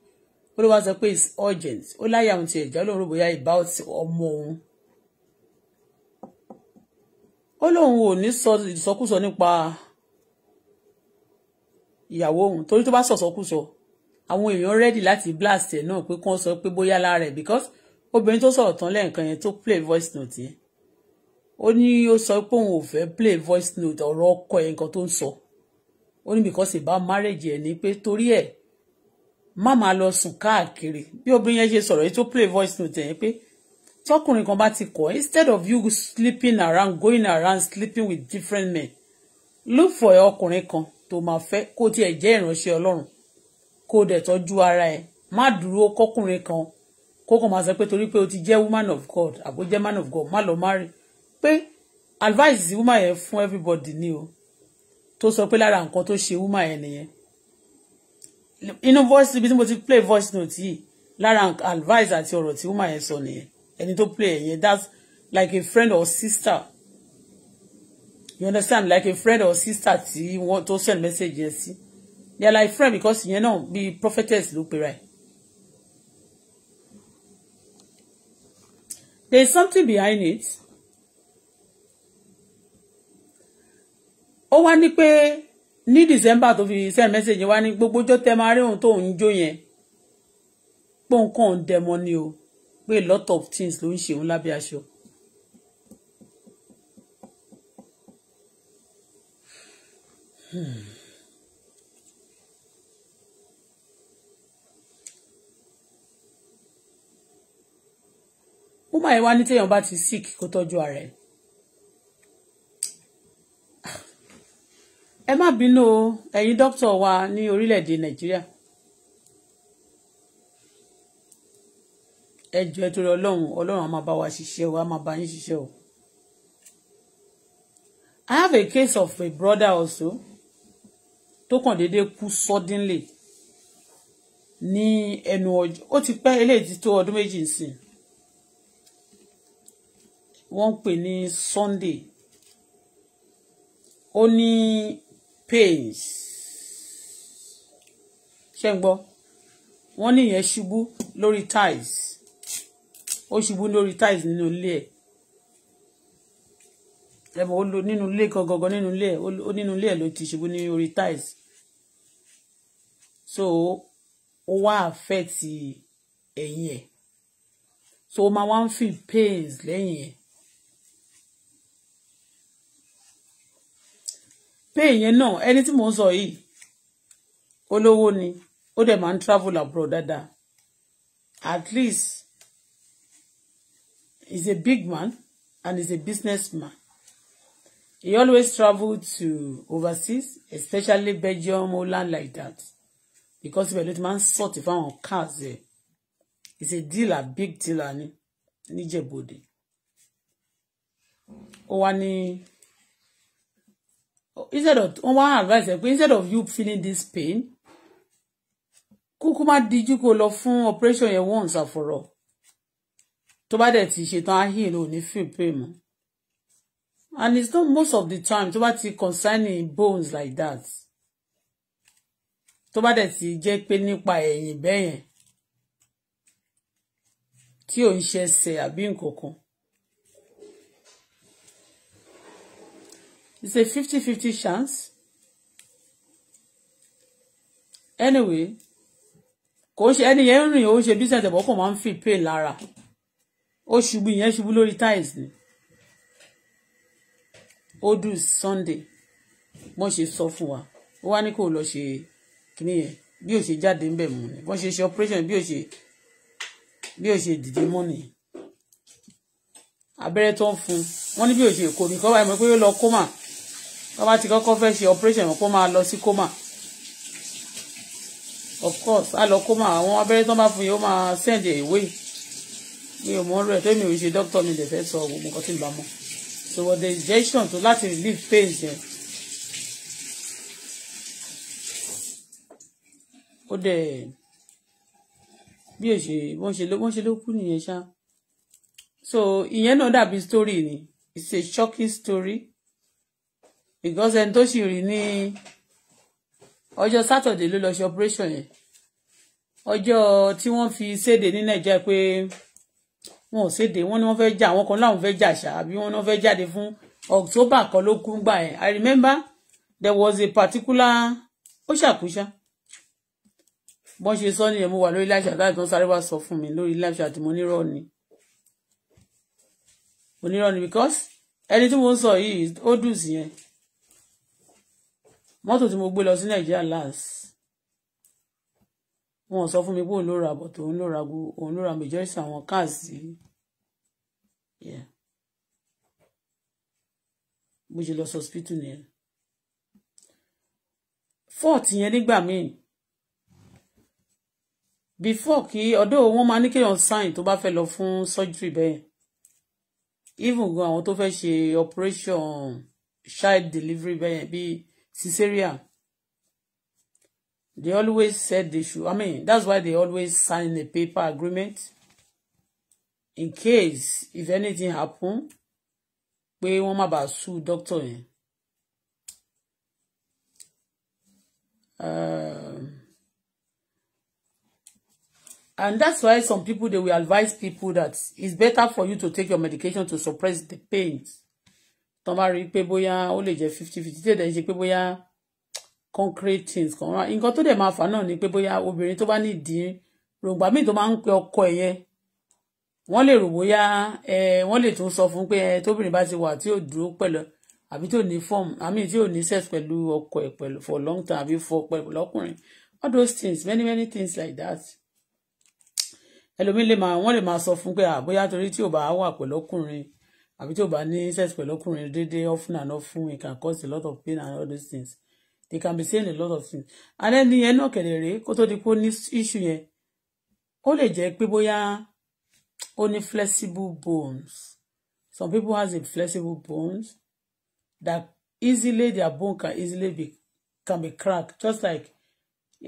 ó ló wá sọ pé it's urgent ó láyà ohun ti ẹ̀jẹ̀ ó lóun rò bóyá about ọmọ òun ó lóun ò ní sọ ìsọkúsọ nípa ìyàwó òun torí tó bá sọ̀sọ́kúsọ. So, so, so, so, so, àwọn èèyàn ready láti blast ẹ̀ náà pé kí wọ́n sọ pé bóyá lára ẹ̀ because obìnrin tó sọ̀rọ̀ tán lẹ́ẹ̀kan yẹn tó play voice note yẹn ó ní ó sọ pé òun ò fẹ́ play voice note ọ̀rọ̀ ọkọ ẹ̀ nǹkan tó ń sọ ó ní because ìbá marriage ẹ̀ ní pé torí ẹ̀ má máa lọ sùn káàkiri bí obìnrin yẹn ṣe sọ̀rọ̀ yìí tó play voice note yẹn pé tọkùnrin kan bá ti kọ̀ instead of you sleeping around going around sleeping with different men look for ọkùnrin kan tó máa fẹ́ kó tiẹ̀ jẹ́ ìránṣẹ́ ọlọ́run kó o dẹ̀ tọ́jú ara ẹ̀ má dúró kọ́kùnrin kan kó kàn máa sọ pé torí pé o ti jẹ́ woman of God àbó jẹ́ man of God má lọ marry pé advice woman yẹn fún everybody ni o tó sọ pé lára nǹkan tó ṣe woman yẹn nìyẹn inú voice ibi tí mo ti play voice note yìí lára advice àti ọ̀rọ̀ tí woman yẹn sọ nìyẹn ẹni tó play yẹn that's like a friend or sister you understand like a friend or sister tí wọ́n tó send message yẹn sí. Si they are like friends because you know the prophetess look right. there is something behind it. Oh, wá ní pé december to fi send message wá ní gbogbo ọjọ́ tẹ́ máa rí ohun tó ń jó yẹn pé òun kàn a lot of things ló ń ṣe òun lábẹ́ Hmm. wúmà yẹn wá ní téèyàn bá ti sick kó tọ́jú ara ẹ̀ ẹ má bínú ẹ̀yin dókítà wa ní orílẹ̀-èdè nàìjíríà ẹ jọ̀ọ́ ẹ torí ọlọ́run ọlọ́run á máa bá wa ṣiṣẹ́ o á máa bá yín ṣiṣẹ́ o. I have a case of a brother also tó kàn déédéé kú suddenly ní ẹnu ọjọ́ ó ti pẹ́ eléyìí ti tó ọdún méjì nísìnyí wọ́n ń pè ní Sunday ó ní pains ṣé ń gbọ́ wọ́n ní ìyẹn ṣubú lórí tiles ó ṣubú lórí tiles nínú ilé ẹ̀ ẹ̀bùn ó lo nínú ilé gangan nínú ilé ẹ̀ ó nínú ilé ẹ̀ ló ti ṣubú ní orí so ó wá affect ẹ̀yìn ẹ̀ so ó máa wá ń feel pains lẹ́yìn ẹ̀ plane yẹn náà ẹni tí mò ń sọ yìí olówó ni ó dẹ̀ máa ń travel abroad dáadáa at least he's a big man and he's a businessman he always travel to overseas especially Belgium or land like that because ibẹ̀ ló ti máa ń sọ̀tì fáwọn cars ẹ̀ he's a dealer big dealer ni níjẹ̀bọ̀dẹ̀ ó wá ní instead of wọ́n wá advice instead of you feeling this pain kúkú má díjú kó lọ fún operation yẹn once and for all To bá dẹ̀ ti ṣetán á heal ò ní feel pain mọ́ and it's not most of the time To bá ti concerning bones like that To bá dẹ̀ ti jẹ́ pé nípa ẹ̀yìn bẹ́yẹn tí ò ń ṣẹ̀ṣẹ̀ àbí nǹkan kan It's a 50-50 chance. Anyway, kò ṣe ẹni yẹn ń rìn ó ṣe business ẹ̀bọ̀ kò máa ń fi pain lára. Ó ṣubú ìyẹn ṣubú lórí tiles ni. Ó dùn Sunday. Wọ́n ṣe sọ fún wa. Ó wá ní kó lọ ṣe kíní yẹn. Bí ó ṣe jáde ń bẹ̀ mú ni. Wọ́n ṣe ṣe operation bí ó ṣe bí ó ṣe dìde mú ni. abẹ́rẹ́ tó ń fún wọn ní bí òṣèlú kò ní kọ́ báyìí mọ̀ pé ó lọ kó mà bàbá ti kọ́kọ́ fẹ́ ṣe operation kó máa lọ sí coma of course a lọ coma àwọn abẹ́rẹ́ tó bá fún yìí ó máa send away mi ò mọ ọ̀rọ̀ ẹ̀ tó mi ò ṣe doctor mi lè fẹ́ sọ gbogbo nǹkan tí mo bá mọ̀ so wọ́n the injection to láti relieve pain yẹn ó dẹ̀ bí èṣe wọ́n ṣe ló wọ́n ṣe ló kú nìyẹn ṣá so ìyẹn náà dàbí story ni it's a shocking story because ẹni tó sì rí ní ọjọ́ sátọ̀dé ló lọ ṣe operation yẹn ọjọ́ tí wọ́n fi séde ní nàìjíríà pé wọn ò séde wọn ni wọ́n fẹ́ẹ́ jà àwọn kan láwọn fẹ́ẹ́ jà ṣá àbí wọn náà fẹ́ẹ́ jáde fún october kan ló kú gbà yẹn i remember there was a particular ó ṣàkúṣá bọ́n ṣe sọ nìyẹn mo wà lórí live chat láti tán sáré wá sọ fún mi lórí live chat mo nírọ́ ni mo nírọ́ ni because ẹni tí mo ń sọ yìí ó dùn sí yẹn mọ́tò tí mo gbé lọ sí nàìjíríà last wọn sọ fún mi pé òun ló ra bọ̀tò òun ló ra go òun ló ra majority àwọn cars sí bó ṣe lọ sọ hospital nìyẹn fort yẹn nígbà míì before kí ọ̀dọ̀ wọn máa ní kéèyàn sign tó bá fẹ́ lọ fún surgery bẹ́ẹ̀ even gan àwọn tó fẹ́ ṣe operation child delivery bẹ́ẹ̀ bíi Caesarea. They always said they should. I mean, that's why they always sign a paper agreement. In case if anything happen, We wọ́n má sue doctor Uh, and that's why some people they will advise people that it's better for you to take your medication to suppress the pains tó bá rí i pé bóyá ó lè jẹ́ fifty fifty tí èdè ń ṣe pé bóyá concrete things kan wá nǹkan tó dẹ̀ máa fà náà ni pé bóyá obìnrin tó bá ní ìdín rògbà míì tó máa ń pe ọkọ ẹ̀ yẹn wọ́n lè rò bóyá wọ́n lè tún sọ fún pé tóbìnrin bá ti wà tí ò dúró pẹ̀lú àbí tí ò ní form àmì tí ò ní sex pẹ̀lú ọkọ ẹ̀ pẹ̀lú for long time àbí for pẹ̀lú lọ́kùnrin all those things many many things like that ẹlòmíì lè máa wọ́n lè máa sọ fún pé àbóyá torí tí ò bá wà pẹ̀lú ọkùnrin àbí tí o bá ní sex pẹ̀lú ọkùnrin déédéé often and often it can cause a lot of pain and all those things they can be saying a lot of things and then ìyẹn náà kẹ̀lẹ̀ rèé kó tó di pé ó ní issue yẹn ó lè jẹ́ pé bóyá ó ní flexible bones some people has a flexible bones that easily their bone can easily be can be cracked just like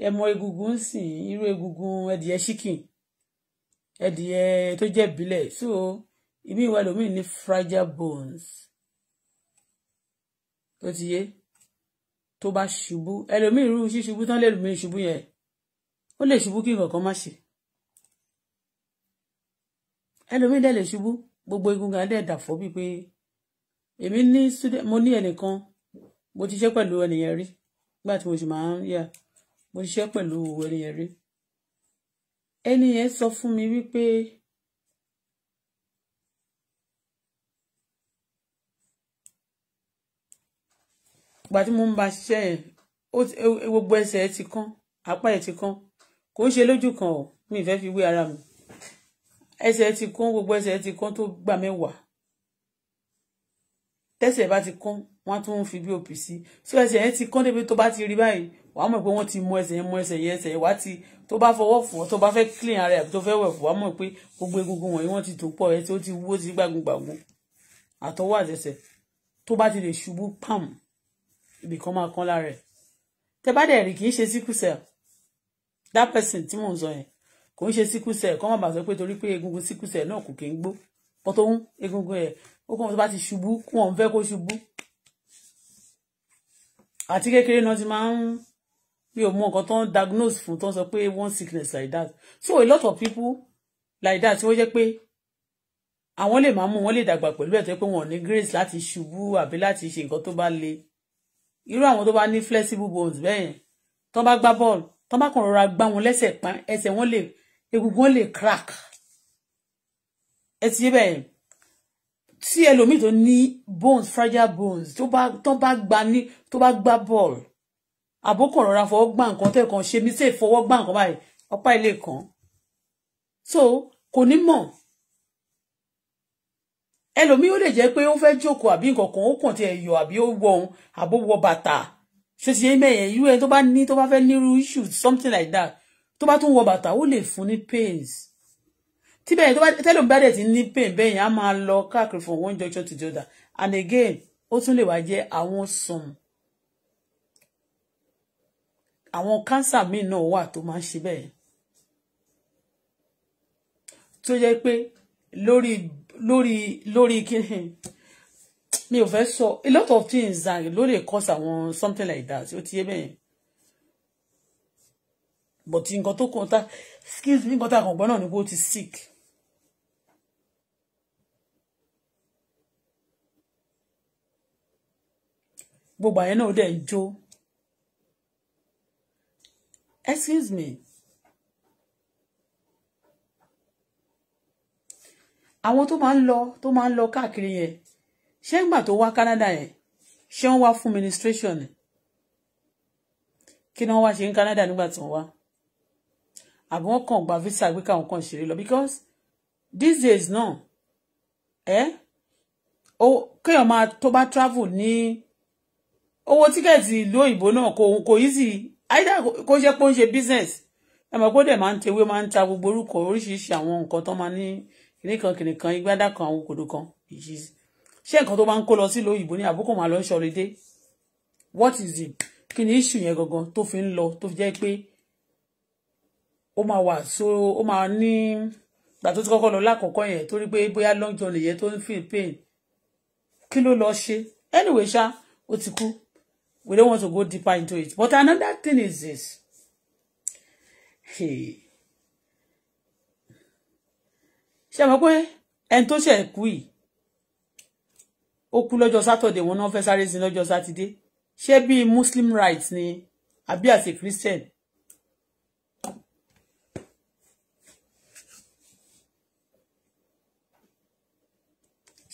ẹmọ egungun sìn irú egungun ẹdìyẹ chicken ẹdìyẹ tó jẹ́ ìbílẹ̀ so ìmí ìwà ẹlòmíì ní fragile bones tó ti yé tó bá ṣubú ẹlòmíì irú ṣíṣubú tán lẹ́lòmíì ṣubú yẹn ó lè ṣubú kí nǹkan kan má ṣe ẹlòmíì dẹ̀ lè ṣubú gbogbo egungun adé dàfọ́ bíi pé èmi ní mo ní ẹnìkan mo ti ṣe pẹ̀lú ẹnìyẹn rí nígbà tí mo sì máa ń yà mo ti ṣe pẹ̀lú ẹnìyẹn rí ẹnìyẹn sọ fún mi wípé. ìgbà tí mo ń ba ṣiṣẹ́ yẹn e, e, gbogbo ẹsẹ̀ ẹ ti kán apá ẹ ti kán kò ń ṣe lójú kan o mi ìfẹ́ fi wé ara mi ẹsẹ̀ ẹ ti kán gbogbo ẹsẹ̀ ẹ ti kán tó gbà mẹ́wàá tẹ́sẹ̀ bá ti kán wọ́n tún fi bí òpì sí so ẹsẹ̀ yẹn ti kán débi tó bá ti rí báyìí wàá mọ̀ pé wọ́n ti mú ẹsẹ̀ yẹn mú ẹsẹ̀ yẹn ẹsẹ̀ yẹn wá ti tó bá fọwọ́ fún tó bá fẹ́ clean ara ẹ̀ àbí tó fẹ́ wẹ̀ fún wàá mọ̀ pé gbogbo egungun wọ̀nyí wọ́n ti tó pọ̀ ẹ tí ó ti wú ó ti gbàgbọ́n gbàgbọ́n àtọwọ́ àtẹsẹ̀ tó bá ti lè ṣubú pam ibì kan máa kán lára ẹ̀ tẹ bá dẹ̀ rí kì í ṣe sickle that person tí mò ń sọ yẹn kò ń ṣe sickle cell kọ́ má bàa sọ pé torí pé egungun sickle cell náà kò kí ń gbó kọ́ tó ń egungun ẹ̀ ó kàn tó bá ti ṣubú kí wọ́n fẹ́ kó ṣubú àti kékeré náà ti máa ń mi ò mọ nǹkan tó ń diagnose fún tó ń sọ pé one sickness like that so a lot of people like that tí wọ́n jẹ́ pé àwọn lè máa mú wọn lè dàgbà pẹ̀lú ẹ̀ tó yẹ pé wọn ò ní grace láti ṣubú àbí láti ṣe nǹkan tó bá le irú àwọn tó bá ní flexible bones bẹ́ẹ̀ yẹn tó bá gbá bọ́ọ̀lù tó bá kàn rọra gbá wọn lẹ́sẹ̀ pa ẹsẹ̀ wọn lè egungun lè crack ẹ ti bẹ́ẹ̀ yẹn tí ẹlòmíì tó ní bones fragile bones tó bá tó bá gbá ní tó bá gbá bọ́ọ̀lù àbókò rọra fọwọ́ gbá nǹkan tẹ́ kan ṣe mí sè fọwọ́ gbá nǹkan báyìí ọ̀pá ilé kan so kò ní mọ̀ ẹlòmíì ó lè jẹ́ pé ó fẹ́ jókòó àbí nǹkan kan ó kàn tiẹ̀ yọ àbí ó wọ ohun àbó wọ bàtà ṣé ti yé mẹ́yẹn irú ẹni tó bá ní tó bá fẹ́ nírú issue something like that tó bá tún wọ bàtà ó lè fún ní pains tí bẹ́ẹ̀ tó bá tẹ́lẹ̀ bá dẹ̀ ti ní pain bẹ́ẹ̀ yẹn á máa lọ káàkiri from one junction to the other and again ó tún lè wá jẹ́ àwọn sùn àwọn kánsà míì náà wà tó máa ń ṣe bẹ́ẹ̀ tó jẹ́ pé lórí lórí lórí kí mi ò fẹ́ sọ a lot of things are ló lè cause àwọn something like that ó ti yé bẹ́ẹ̀ but nǹkan tó kàn tá excuse me nǹkan tá kàn gbọ́ náà ni bó ti sick. gbogbo àyẹn náà ó dẹ̀ ń jó excuse me àwọn tó máa ń lọ tó máa ń lọ káàkiri yẹn ṣé ń gbà tó wá Canada yẹn ṣé wọ́n wá fún ministration ni kí ni wọ́n wá ṣe ní Canada nígbà tí wọ́n wá àbí wọ́n kàn gba visa gbé káwọn kan ṣeré lọ because these days náà ẹ o kéèyàn máa tó bá travel ní owó tíkẹ́ẹ̀tì ìlú òyìnbó náà kò kò easy either kó ṣe pé ó ń ṣe business ẹ mọ̀ pé ó dẹ̀ máa ń tewé máa ń ta gbogbo orúkọ oríṣiríṣi àwọn nǹkan tó máa ní kìnì kan kìnì kan igbádá kan àwọn òkòdó kan ṣé nǹkan tó bá ń kó lọ sílùú òyìnbó ní àbúkò máa lọ ń ṣọrẹ dé what is it kí ni issue yẹn gangan tó fi ń lọ tó fi jẹ́ pé ó máa wà so ó máa ní gbà tó ti kọ́kọ́ lọ lákọ̀ọ́kọ́ yẹn torí pé bóyá long journey yẹn tó ń feel pain kí ló lọ ṣe anyway ṣá ó ti kú we don't want to go deeper into it but another thing is this. Hey. ṣe mọ̀ pé ẹni tó ṣe kú yìí ó kú lọ́jọ́ sátọ̀dẹ̀ wọn náà fẹ́ sáré sí lọ́jọ́ sátidé ṣé bíi muslim rights ni àbí as a christian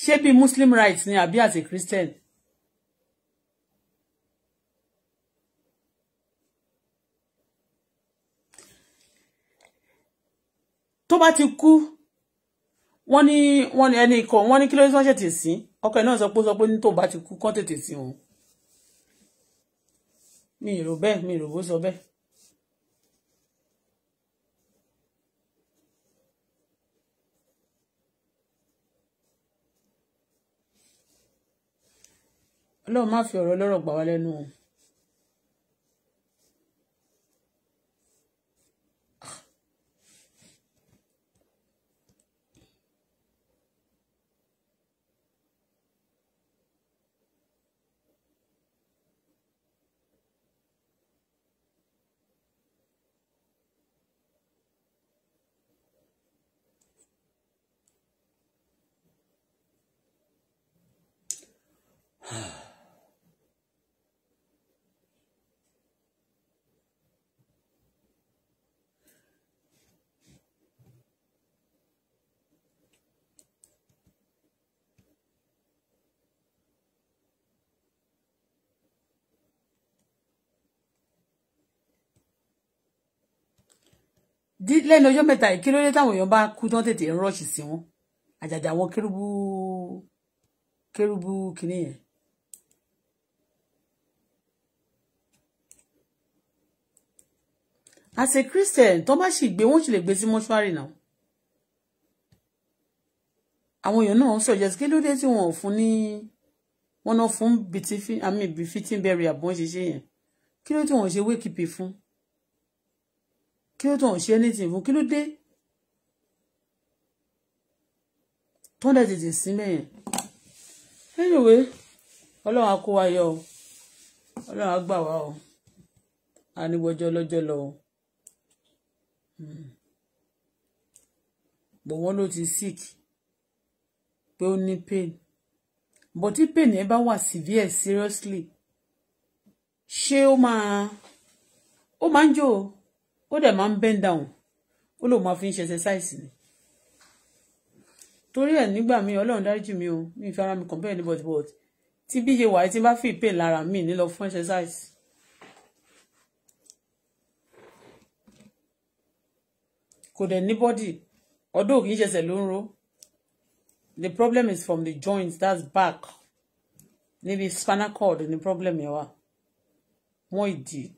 ṣé bíi muslim rights ni àbí as a christian. tó bá ti kú wọ́n ní wọ́n ní ẹni kan wọ́n ní kí ló ń sọ́ṣẹ̀ tì sí ọkọ ẹ̀ náà sọ pé sọ pé ní tòun bá ti kú kán tètè sí òun mi ì rò bẹ́ẹ̀ mi ì bó sọ bẹ́ẹ̀. ọlọ́run má fi ọ̀rọ̀ ọlọ́rọ̀ gbà wá lẹ́nu o. lẹ́nu ọjọ́ mẹ́ta yìí kí ló dé táwọn èèyàn bá kú tán tètè ń rọ́ọ̀ṣì sí wọn àjàjà wọn kérúbù kérúbù kìnìyàn as a christian tó bá sì gbé wọn sì lè gbé sí mọ́ṣúárì náà àwọn èèyàn náà suggest kí ló dé tí wọn ò fún ní wọn náà fún befitting burial àbọ̀n ṣiṣẹ́ yẹn kí ló tí wọn ò ṣe wake up fún kí ló tí wọn ò ṣe anything fún kí ló dé tó ń dẹ̀ tètè sí mẹ́yìn anyway ọlọ́run á kó wa yọ ọ ọlọ́run á gbà wá ọ àníwọ̀jọ́ lọ́jọ́ lọ́wọ́. But wọ́n ló ti sick pé ó ní pain But tí pain yẹn bá wà severe seriously ṣé ó máa ó máa ń jó ó dẹ̀ máa ń bend down ó lóun máa fi ń ṣe exercise ni torí ẹ̀ nígbà míì ọlọ́run dáríjì mi o mi fi ara mi kàn bẹ́ẹ̀ ní bọ̀tìbọ̀tì tí bí ṣe wà tí bá fi pain lára mi ní lọ fún exercise Could anybody, although he just alone, í the problem is from the joints. that's back maybe spinal cord ni problem yẹn wà mọ́ ìdí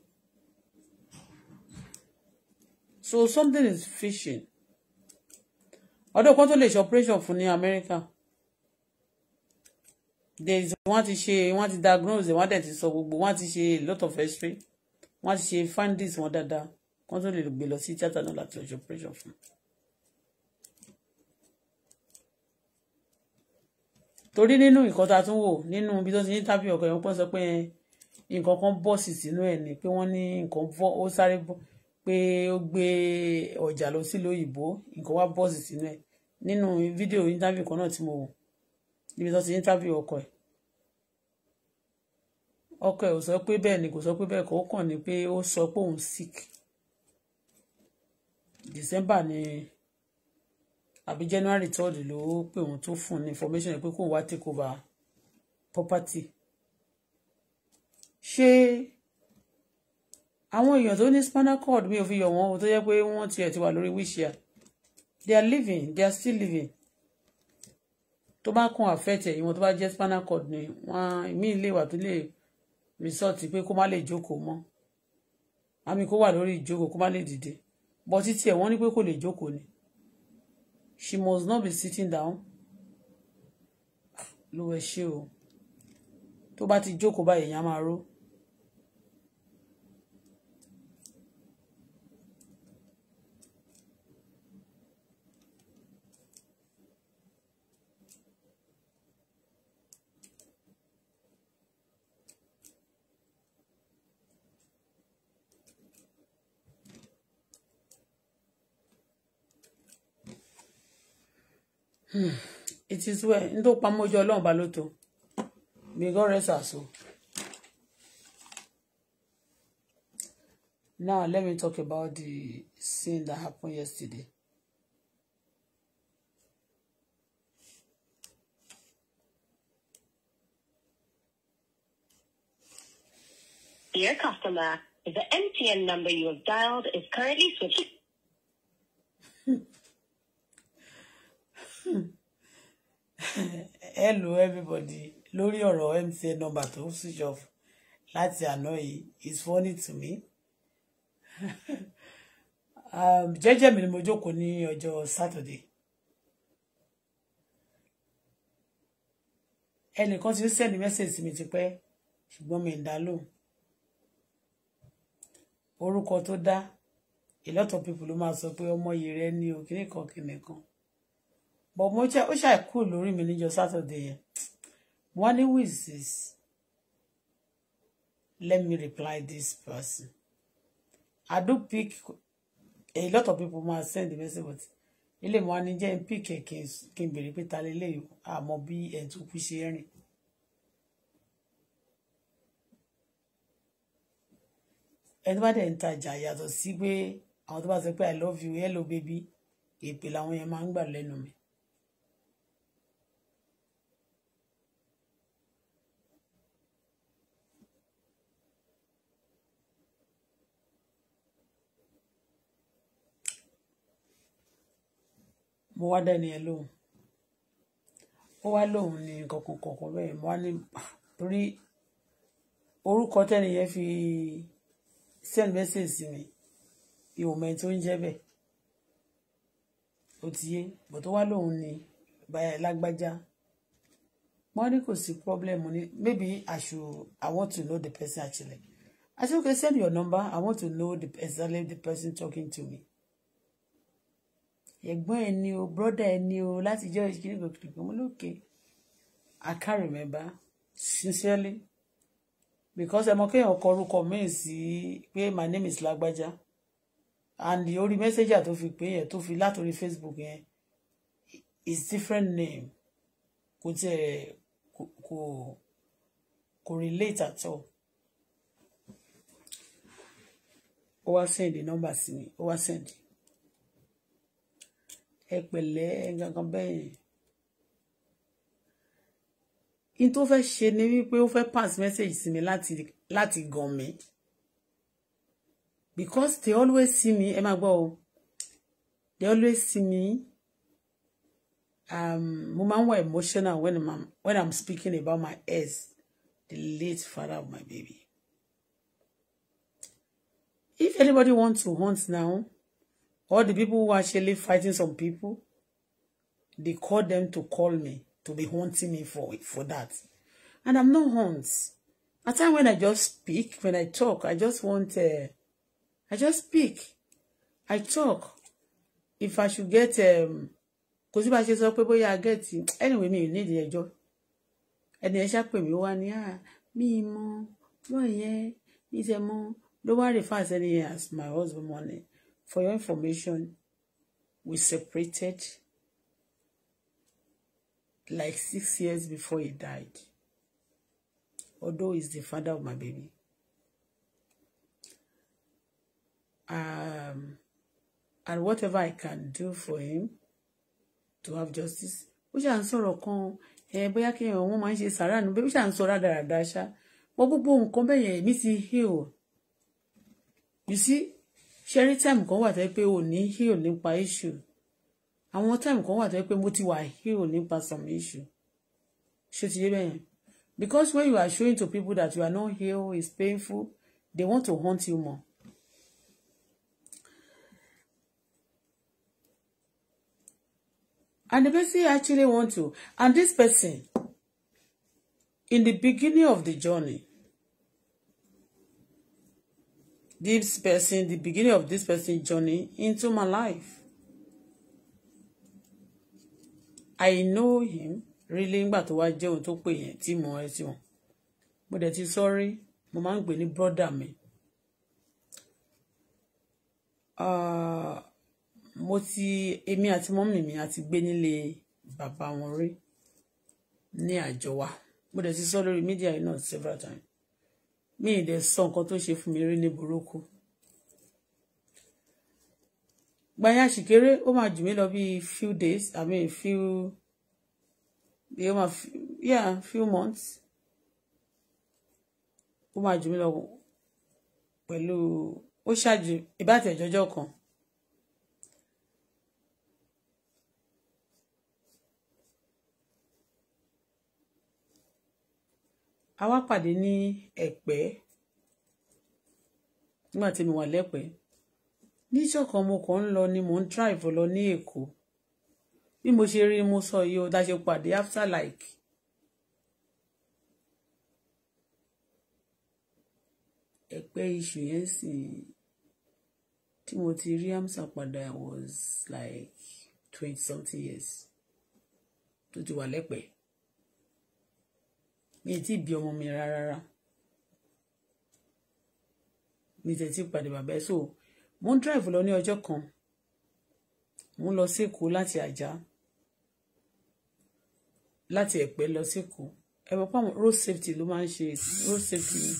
so something is fishing Although, kan tó lè operation for ní America there is to ti ṣe to diagnose they dẹ̀ to sọ gbogbo want to see a lot of history. Want to see, find this that that wọ́n tó lè gbé lọ sí tíátà náà láti ọjọ́ pressure fún un. torí nínú nǹkan tá a tún wò nínú ibi tó ti ní tábì ọkọ yẹn wọ́n sọ pé nǹkan kan bọ́ sí sínú ẹ̀ ni pé wọ́n ní nǹkan bọ́ ó sáré bọ́ pé ó gbé ọjà lọ sí lóyìnbó nǹkan wá bọ́ sí sínú ẹ̀ nínú fídíò interview kan náà tí mo wò níbi tó ti ní tábì ọkọ ẹ̀ ọkọ ẹ̀ ò sọ pé bẹ́ẹ̀ ni kò sọ pé bẹ́ẹ̀ kọ́ kàn ní pé ó sọ pé òun sick December ni àbí January third ló pè wọ́n tó fún ní information pé kóun wá take over property ṣé àwọn èèyàn tó ní spinal cord mi ò fi yọ wọn o tó yẹ pé wọ́n tiẹ̀ ti wà lórí wheelchair they are living they are still living tó bá kàn affect ẹ̀yìn wọn tó bá jẹ́ spinal cord ni wọ́n ìmí ilé wà tó lè result pé kó má lè jókòó mọ́ àmì kó wà lórí ìjókòó kó má lè dìde bọ́ títí ẹ̀ wọ́n ní pé kò lè jókòó ni she must not be sitting down ló wẹ̀ ṣe o tó bá ti jókòó báyìí èèyàn máa ró. Hmm. it is well n tó pamọ́ ojú ọlọ́run bá ló tó may God rest her soul. Now let me talk about the scene that happened yesterday. Dear customer, the MTN number you have dialed is currently switched. hello everybody lórí ọ̀rọ̀ MTN number tó switch off láti àná yìí is funny to me um, jẹ́jẹ́ mi ni mo jókòó ní ọjọ́ Saturday ẹnìkan ti ń sẹ́ni mẹ́sẹ̀sì mi ti pẹ́ ṣùgbọ́n mi ń dá lóhùn orúkọ tó dá a lot of people ló máa sọ pé ọmọ yìí rẹ ní o kìnnìkan kìnnìkan but mo ṣe ó ṣàì kúrò lórí mi níjọ́ Saturday yẹn wọ́n ní let me reply this person I do pick a lot of people ma send the message but ilé mi wá ní pick kí n bèrè pé ta lè léyìn àmọ́ bí ẹ̀ tó kú ṣe rìn. ẹni bá dẹ̀ ń tajà yàtọ̀ sí pé àwọn i love you hello baby èpè làwọn yẹn máa ń gbà lẹ́nu mi mo wá dẹ́ni ẹ lóhùn ó wá lóhùn ní kankan kankan bẹ́ẹ̀ mo wá ní torí orúkọ tẹ́ni fi send message sí mi ìwòmọ̀ ẹni tó ń jẹ́ bẹ́ẹ̀ ó ti yé bọ̀ tó wá lóhùn ní báyà lágbájá wọ́n ní kò sí problem ní maybe I should I want to know the person actually I say okay send your number I want to know the person. the person talking to me ẹ̀gbọ́n ẹ̀ ni o brọ́dà ẹ̀ ni o láti jọ ìṣirí kìrìkìrìkìrì mo lókè I can't remember sincerely because ẹ mọ kéèyàn kọ orúkọ míì sí pé my name is Lagbaja, and the orí mẹ́sẹ́jà tó fi pé yẹn tó fi látòrí Facebook yẹn is different name kò tiẹ̀ kò kò relate at all. ó wá send nọ́mbà sí mi ó wá send ẹ pẹ̀lẹ́ ẹ gangan bẹ́ẹ̀ yẹn in tó fẹ́ ṣe ni wípé ó fẹ́ pass message sí mi láti láti gàn mí because they always see me ẹ máa gbọ́ o they always see me um, mo máa ń wà emotional when I'm, when I'm speaking about my ex the late father of my baby if anybody want to hunt now all the people who are actually fighting some people they call them to call me to be haunting me for for that and i'm not hunt at time when i just speak when i talk i just want uh, i just speak i talk if i should get kò sí bá a ṣe sọ pé bóyá i get anyway your job, and then ẹjọ́ ẹni ẹ ṣàpè one year, me à mí Yeah, bóyá ìṣẹ mọ Don't worry, refer any as my husband money For your information, we separated like six years before he died. Although he's the father of my baby. Um, and whatever I can do for him to have justice. Ó ṣà ń sọ̀rọ̀ kan ẹ bóyá kí ẹ̀wọ̀n wọn máa ń ṣe sàárà nù bóyá ó ṣà ń sọ rádaràda ṣá. Wọ́n gbogbo nǹkan You see, ṣẹ́rí time kan wà tó yẹ pé ò ní híò nípa issue àwọn táìmù kan wà tó yẹ pé mo ti wà híò nípa some issue ṣé ti yé bẹ́yẹn because when you are showing to people that you are not heal is painful they want to haunt you more. And the person actually want to. And this person, in the beginning of the journey, this person, the beginning of this person's journey into my life. I know him really ngbà to wá jẹ́ òun tó pè yẹn tí mo ẹ sí wọn. Mo dẹ̀ ti sọ́rí, mo máa ń pè ní brọ́dà mi. Ah, mo ti èmi àti mọ́mì mi àti gbé nílé Baba, wọn rí ní àjọ wa. Mo dẹ̀ ti sọ lórí mídíà yìí náà several times mi ì dẹ̀ sọ nǹkan tó ṣe fún mi rí ní burúkú gbanya ṣìkéré ó máa jù mí lọ bíi few days i mean few bí ó máa yeah few months ó máa jù mí lọ pẹ̀lú ó ṣáàjù ìbátẹ̀jọ́jọ́ kan a wá pàdé ní ẹ̀pẹ́ nígbà tí mo wà lẹ́pẹ́ níjọ́ kan mo kàn ń lọ ni mo ń drive lọ ní Èkó bí mo ṣe rí mo sọ yìí ó dáṣe pàdé after like ẹ̀pẹ́ iṣu yẹn sì tí mo ti rí amsa padà was like twenty something years tó ti wà lẹ́pẹ́ mi ti bí ọmọ mi rárá rárá mi tẹ̀ ti pàdé bàbá ẹ̀ so mo ń drive lọ ní ọjọ́ kan mo ń lọ sékòó láti àjá láti ẹ̀pẹ́ lọ sékòó ẹ mọ̀ road safety ló máa ń road safety ni.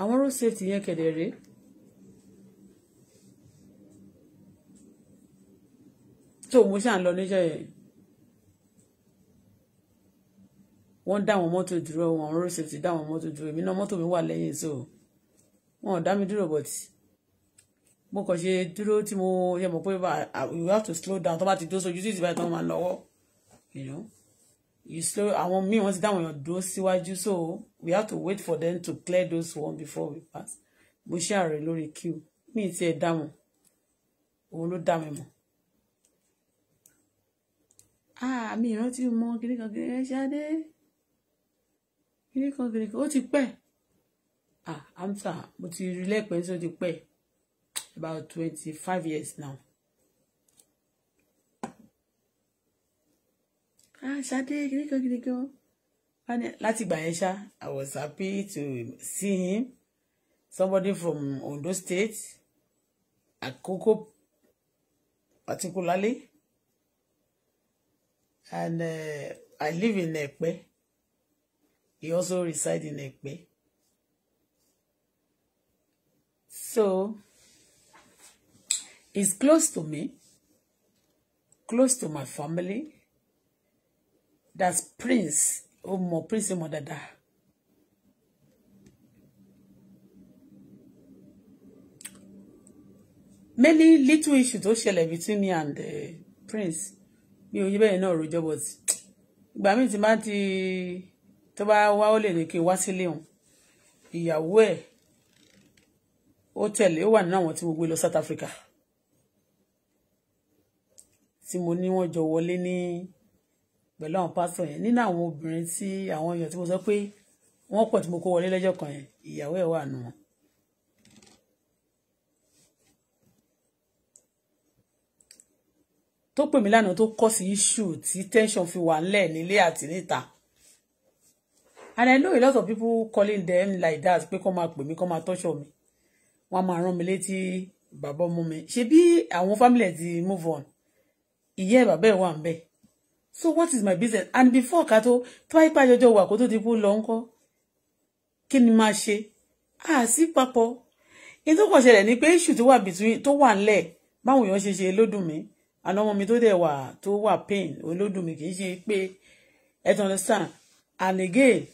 àwọn road safety yẹn kẹ̀dẹ̀ rèé tó mo ṣáà ń lọ níjọ́ yẹn wọ́n dá àwọn mọ́tò dúró wọn road safety dá àwọn mọ́tò dúró èmi náà mọ́tò mi wà lẹ́yìn so wọn ò dá mi dúró but mo kàn ṣe dúró tí mo yẹ mọ̀ pé you have to slow down tó bá ti dó sojú títí báyìí tó máa lọ́wọ́ you know you slow àwọn míì wọ́n ti dá àwọn èèyàn dúró síwájú so we have to wait for them to clear those one before we pass mo ṣe àárẹ̀ lórí queue mi ì tiẹ̀ dá wọn òun ló dá mi mọ̀ àmì ah, ìrántí mọ kìnnìkan kìnnìkan ṣáde kiri kan kiri kan ó ti pẹ́ ah amsa mo ti rí lẹ́pẹ́ sí ó ti pẹ́ about twenty five years now. ah ṣadé kiri kan kiri kan láti gbà yẹn ṣá I was happy to see him somebody from Ondo State Akoko particularly and uh, I live in Epe. Uh, He also resides in Ekpe. So, he's close to me, close to my family. That's Prince, Omo, Prince Modada. Many little issues tó ṣẹlẹ̀ between me and the eh, Prince. You ò yí bẹ́ẹ̀ náà rojọ́ but I mean, tí máa tó bá wá ó lè ní kí n wá sílé òun ìyàwó ẹ̀ ó tẹ̀lé ó wà nínú àwọn tí mo gbé lọ South Africa tí mo ní wọ́n jọ wọlé ní pẹ̀lú àwọn pásítọ̀ yẹn nínú àwọn obìnrin tí àwọn èèyàn tí mo sọ pé wọ́n pọ̀ tí mo kó wọlé lẹ́jọ́ kan yẹn ìyàwó ẹ̀ wà nù wọn. tó pè mí lánàá tó kọ́ sí issue tí tension fi wà ńlẹ̀ nílé àti níta and I know a lot of people calling them like that pé kọ́ máa pè mí kọ́ máa tọ́ṣọ̀ mi wọ́n máa rán mi létí bàbá ọmọ mi ṣebí àwọn family ẹ̀ ti move on ìyá ẹ̀ bàbá ẹ̀ wà so what is my business and before ká tó tó bá yípa àjọjọ to kó tó ti kú lọ ńkọ́ kí ni máa ṣe àásí papọ̀ ní tó kàn ṣẹlẹ̀ ni pé issue tó wà between tó wà ńlẹ̀ báwọn èèyàn ṣe ṣe lódùn mi And ọmọ mi tó dẹ̀ wà tó wà pain olódùn mi kì í ṣe pé ẹ ti understand and again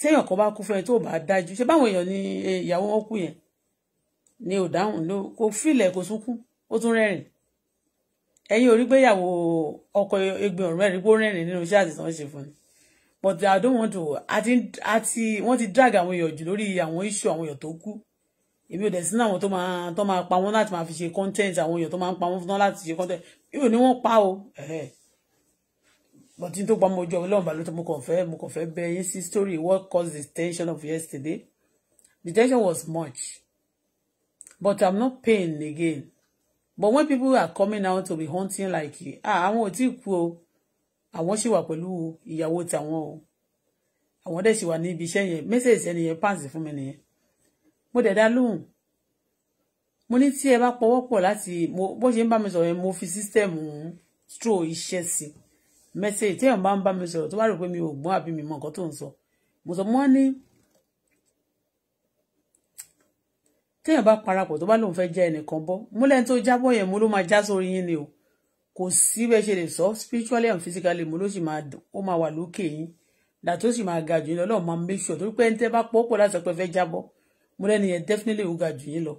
téèyàn kan bá kú fún ẹ tó bá dájú ṣé báwọn èèyàn ní eh, ìyàwó wọn kú yẹn ni ò dáhùn ló kò fìlẹ̀ kò sunkún ó tún rẹ́rìn ẹ̀yin orí gbéyàwó ọkọ egbin ọ̀rọ̀ mẹ́rin kó rẹ́rìn nínú iṣẹ́ àtìsàn ṣe fún ni but I don't want to àti àti wọ́n ti drag àwọn èèyàn jù lórí àwọn issue àwọn èèyàn tó kú èmi ò dẹ̀ sínú àwọn tó máa tó máa pa wọ́n láti máa fi ṣe content àwọn èèyàn tó máa ń pa wọ́n fún wọn láti ṣe content èmi ò ní wọ́n pa o. Eh but n tó pa mọ ojú ọlọ́run bá ló tó mo kàn fẹ́ mo kàn fẹ́ bẹ yín sí story what caused the tension of yesterday the tension was much but i'm not paying again but when people are coming out to be hunting like you ah àwọn ò tí ì kú o àwọn sì wà pẹ̀lú ìyàwó tàwọn o àwọn dẹ̀ sì wà ní ibi iṣẹ́ yẹn message ẹni yẹn pass fún mi nìyẹn mo dẹ̀ dá lóhùn mo ní tí ẹ bá pọwọ́ pọ̀ láti mo bó ṣe ń bá mi sọ̀rọ̀ yẹn mo fi system stroll iṣẹ́ sí i message téèyàn bá ń bá mi sọ̀rọ̀ tó bá rò pé mi ò gbọ́n àbí mi mọ nǹkan tó ń sọ mo sọ wọ́n ní téèyàn bá parapọ̀ tó bá lóun fẹ́ já ẹnìkan bọ́ múlẹ̀ tó jábọ̀ yẹn mo ló máa já sórí yín ni o kò sí bẹ́ẹ̀ ṣe lè sọ spiritually and physically mo ló sì máa ó máa wà lókè yín dàtí ó sì máa ga jù yín lọ lọ́wọ́ máa make sure torí pé ẹni tẹ́ bá pọ̀ pọ̀ láti sọ pé fẹ́ jábọ̀ múlẹ̀ nìyẹn definitely ó ga jù yín lọ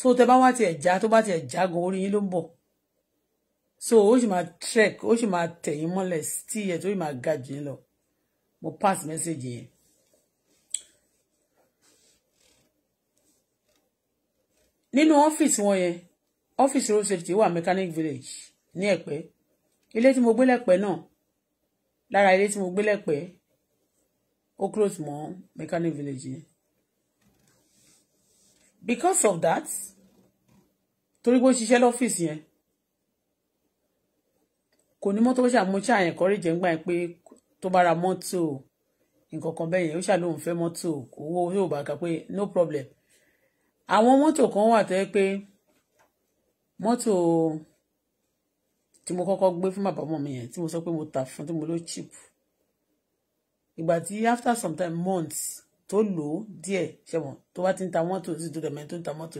so tẹ́ bá wá tiẹ̀ já tó bá tiẹ̀ já gan orí yín ló ń bọ̀ so ó sì máa trek ó sì máa tẹ̀yìn mọ́lẹ̀ tí ìyẹn tó sì máa ga jù yín lọ mo pass message yẹn. nínú ọ́fíìsì wọn yẹn ọ́fíìsì road safety wà mechanic village ní ẹ̀pẹ́ ilé tí mo gbé lẹ́pẹ́ náà lára ilé tí mo gbé lẹ́pẹ́ ó close mọ́ mechanic village yẹn because of that torí pé ó ṣiṣẹ́ lọ́fíìsì yẹn kò ní mọ́tò ó ṣàmú ṣáà encourage ẹ̀ ń gbà yẹn pé tó bá ra mọ́tò nǹkan kan bẹ́yẹn ó ṣàlóhùn fẹ́ mọ́tò owó yóò bá ka pé no problem àwọn mọ́tò kan wà tẹ́ pé mọ́tò tí mo kọ́kọ́ gbé fún bàbá ọmọ mi yẹn tí mo sọ pé mo tà fún tí mo ló cheap ìgbà tí after some time months tó lò ó díẹ̀ ṣẹ̀wọ̀n tó bá ti ń ta mọ́tò sí tó dẹ̀mẹ́ tó ń ta mọ́tò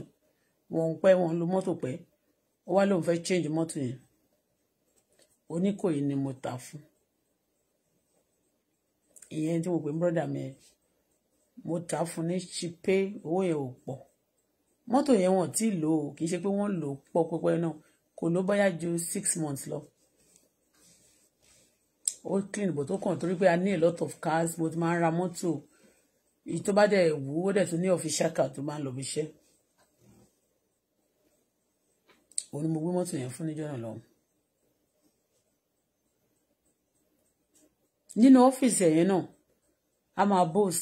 wọn pẹ́ wọn lo mọ́tò pẹ́ ó wá lóun fẹ́ change mọ́tò yẹn Oníkòyí ni mo tà fún ìyẹn tí mo pè ń brọ́dà mi mo tà fún ní ṣipé owó yẹn ò pọ̀ mọ́tò yẹn wọ́n ti lò ó kì í ṣe pé wọ́n lò ó pọ̀ pẹ́pẹ́ náà kò ló báyà ju six months lọ ó clean bó tó kàn torí pé a ní a lot of cars bó ti máa ń ra mọ́tò èyí tó bá dẹ̀ wú ó dẹ̀ tún ní official car tó máa ń lọ bí iṣẹ́ òun ni mo gbé mọ́tò yẹn fún níjọ́ náà lọ́hùn nínú ọ́fíìsì ẹ̀yẹn náà a máa bóòs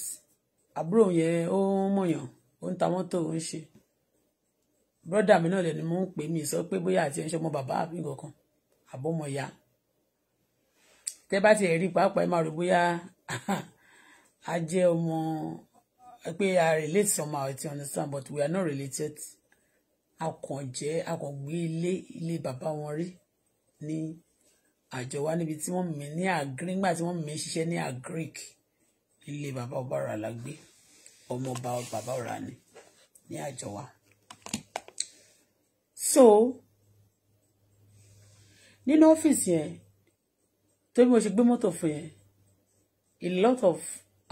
àbúrò yẹn ó ń mọ̀yàn ó ń ta mọ́tò ó ń ṣe brọ́dà mi náà lẹ́nu mú ń pè mí sọ pé bóyá àti ẹ̀ṣọ́ ọmọ bàbá àbí nǹkan àbọ̀mọ̀ ya tẹ́ bá tiẹ̀ rí pàápàá ẹ máa rò bóyá a jẹ́ ọmọ pé a relate somehow ti understand but we are not related a kàn jẹ́ a kàn gbé ilé ilé bàbá wọn rí ní àjọ wa níbi tí wọ́n mú mi ní agric nígbà tí wọ́n mú mi ṣiṣẹ́ ní agric ilé bàbá ọba ọ̀rà la gbé ọmọ ọba bàbá ọ̀rà ni ní àjọ wa. so nínú ọ́fíìsì yẹn torí mo ṣe gbé mọ́tò fún yẹn a lot of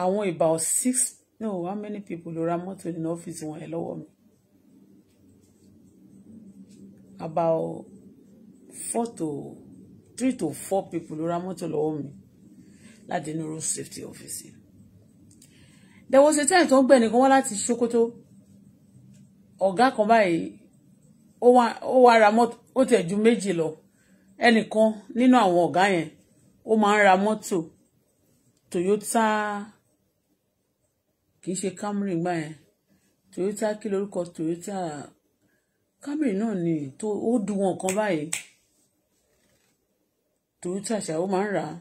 àwọn about six no how many people ló ra mọ́tò nínú ọ́fíìsì wọn yẹn lọ́wọ́ mi about four to three to four people ló ra mọ́tò lọ́wọ́ mi láti inú road safety office there was a time tó ń gbẹ̀ nìkan wá láti Sokoto ọ̀gá kan báyìí ó wá ra mọ́tò ó tẹ̀ ju méjì lọ ẹnìkan nínú àwọn ọ̀gá yẹn ó máa ń ra mọ́tò Toyota kì í ṣe Camry gbà yẹn Toyota kí lorúkọ Toyota Camry náà ni tó ó dùn wọn kan báyìí tòótàṣà ó máa ń rà á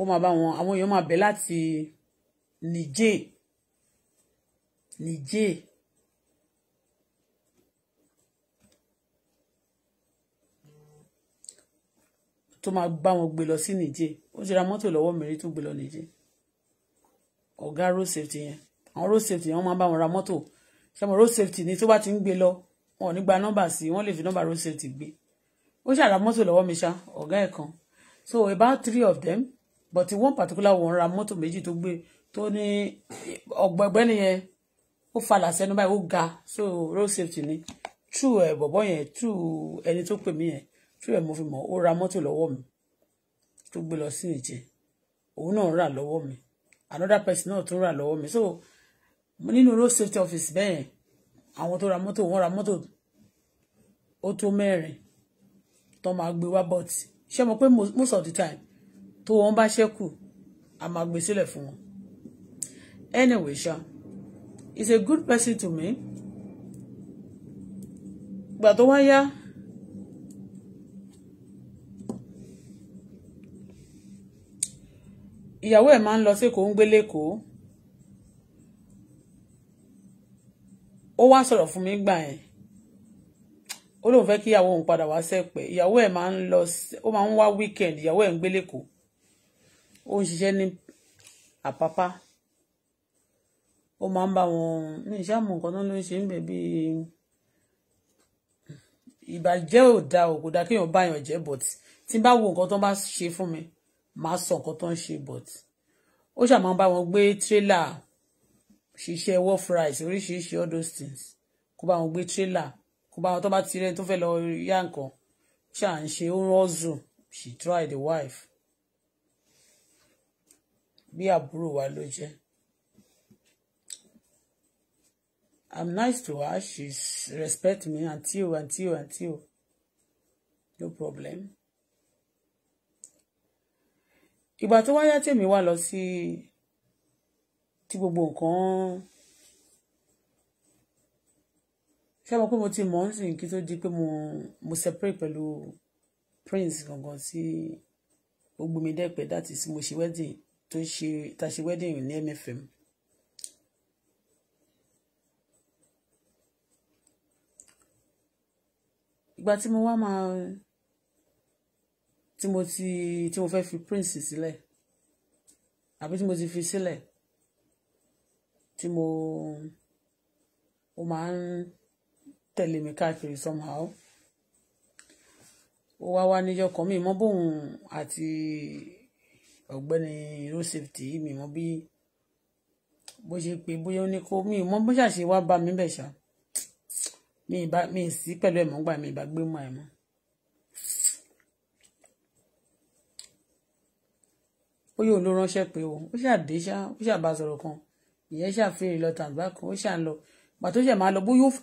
ó máa bá wọn àwọn èèyàn máa bẹ̀ láti nìjẹ́ nìjẹ́ tó máa bá wọn gbé lọ sí nìjẹ́ ó ti ra mọ́tò lọ́wọ́ mi tó gbé lọ nìjẹ́ ọ̀gá road safety yẹn àwọn road safety yẹn wọ́n máa ń bá wọn ra mọ́tò ṣé mo road safety ni tó bá ti ń gbé lọ wọn ò ní gba nọ́mbà sí wọ́n lè fi nọ́mbà road safety gbé ó ṣàrà mọ́tò lọ́wọ́ mi ṣá ọ̀gá ẹ̀ kan so about three of them but one particular one ra mọ́tò méjì tó gbé tó ní ọ̀gbẹ́gbẹ́ nìyẹn ó falà sẹ́nu báyìí ó ga so road safety ni true ẹ̀ eh, bọ̀bọ̀ yẹn true ẹni tó pè mí yẹn true ẹ̀ eh, mo fi mọ̀ ó ra mọ́tò lọ́wọ́ mi tó gbé lọ sí ìjẹ́ òun náà rà lọ́wọ́ mi another person náà tún rà lọ́wọ́ mi so nínú road safety office bẹ́ẹ̀ àwọn tó ra mọ́tò wọ́n ra mọ́tò ó tó mẹ́rin tó máa gbé wá but ṣé mo pé most of the time tó wọn bá ṣẹ́kù a máa gbé sílẹ̀ fún wọn anyway ṣá is a good person to me gbà tó wá yá ìyàwó ẹ̀ máa ń lọ sí èkó ń gbé lẹ́kọ̀ọ́ ó wá sọ̀rọ̀ fún mi gbà yẹn ó lóun fẹ́ kí ìyàwó òun padà wá sẹ́pẹ̀ ìyàwó ẹ̀ máa ń lọ ó máa ń wá weekend ìyàwó ẹ̀ ń gbé lẹ́kọ̀ọ́ ó ń ṣiṣẹ́ ní àpápá ó máa ń bá wọn ní iṣẹ́ àmọ̀ nǹkan tó ló ń ṣe ń bẹ̀ bíi ìbàjẹ́ ò da ò kò da kéèyàn báyàn jẹ́ but tí n bá wo nǹkan tó bá ṣe fún mi màá sọ nǹkan tó ń ṣe but ó ṣà máa ń bá wọn gbé tírélà ṣiṣẹ́ wolf rice oríṣiríṣi all those things kó bá wọn gbé tírélà kó bá wọn ti rẹ tó fẹ́ lọ yá nǹkan ṣà ń ṣe ó she try the wife bí àbúrò wa ló jẹ́ I'm nice to her she respect me until until until no problem ìgbà tó wáyá tèmi wá lọ sí tí gbogbo nǹkan. ṣé mo pé mo ti mọ̀ ń sìn kí tó di pé mo mo separate pẹ̀lú prince gangan sí Ògbómidẹ́pẹ̀ that is mo ṣe wedding tó ṣe ta ṣe wedding ní MFM. ìgbà tí mo wá máa tí mo ti tí mo fẹ́ fi prince sílẹ̀ àbí tí mo ti fi sílẹ̀ tí mo ó máa ń tẹ̀lé mi káàkiri somehow ó wá wá níjọ́ kan mi mọ́ bóun àti ọ̀gbẹ́ni road safety mi mọ́ bí bó ṣe pé bóyá ó ní kó mi mọ́ bó ṣàṣe wá bá mi bẹ̀ ṣá mi ìbá mi sí pẹ̀lú ẹ̀mọ́ gbà mi ìbá gbé mọ́ ẹ̀mọ́. bóyá òun ló ránṣẹ́ pé o ó ṣàdé ṣá ó ṣàbá sọ̀rọ̀ kan ìyẹn ṣàfihàn lọ tàǹgbà kan ó ṣà ń lọ gbà tó ṣẹ̀ máa lọ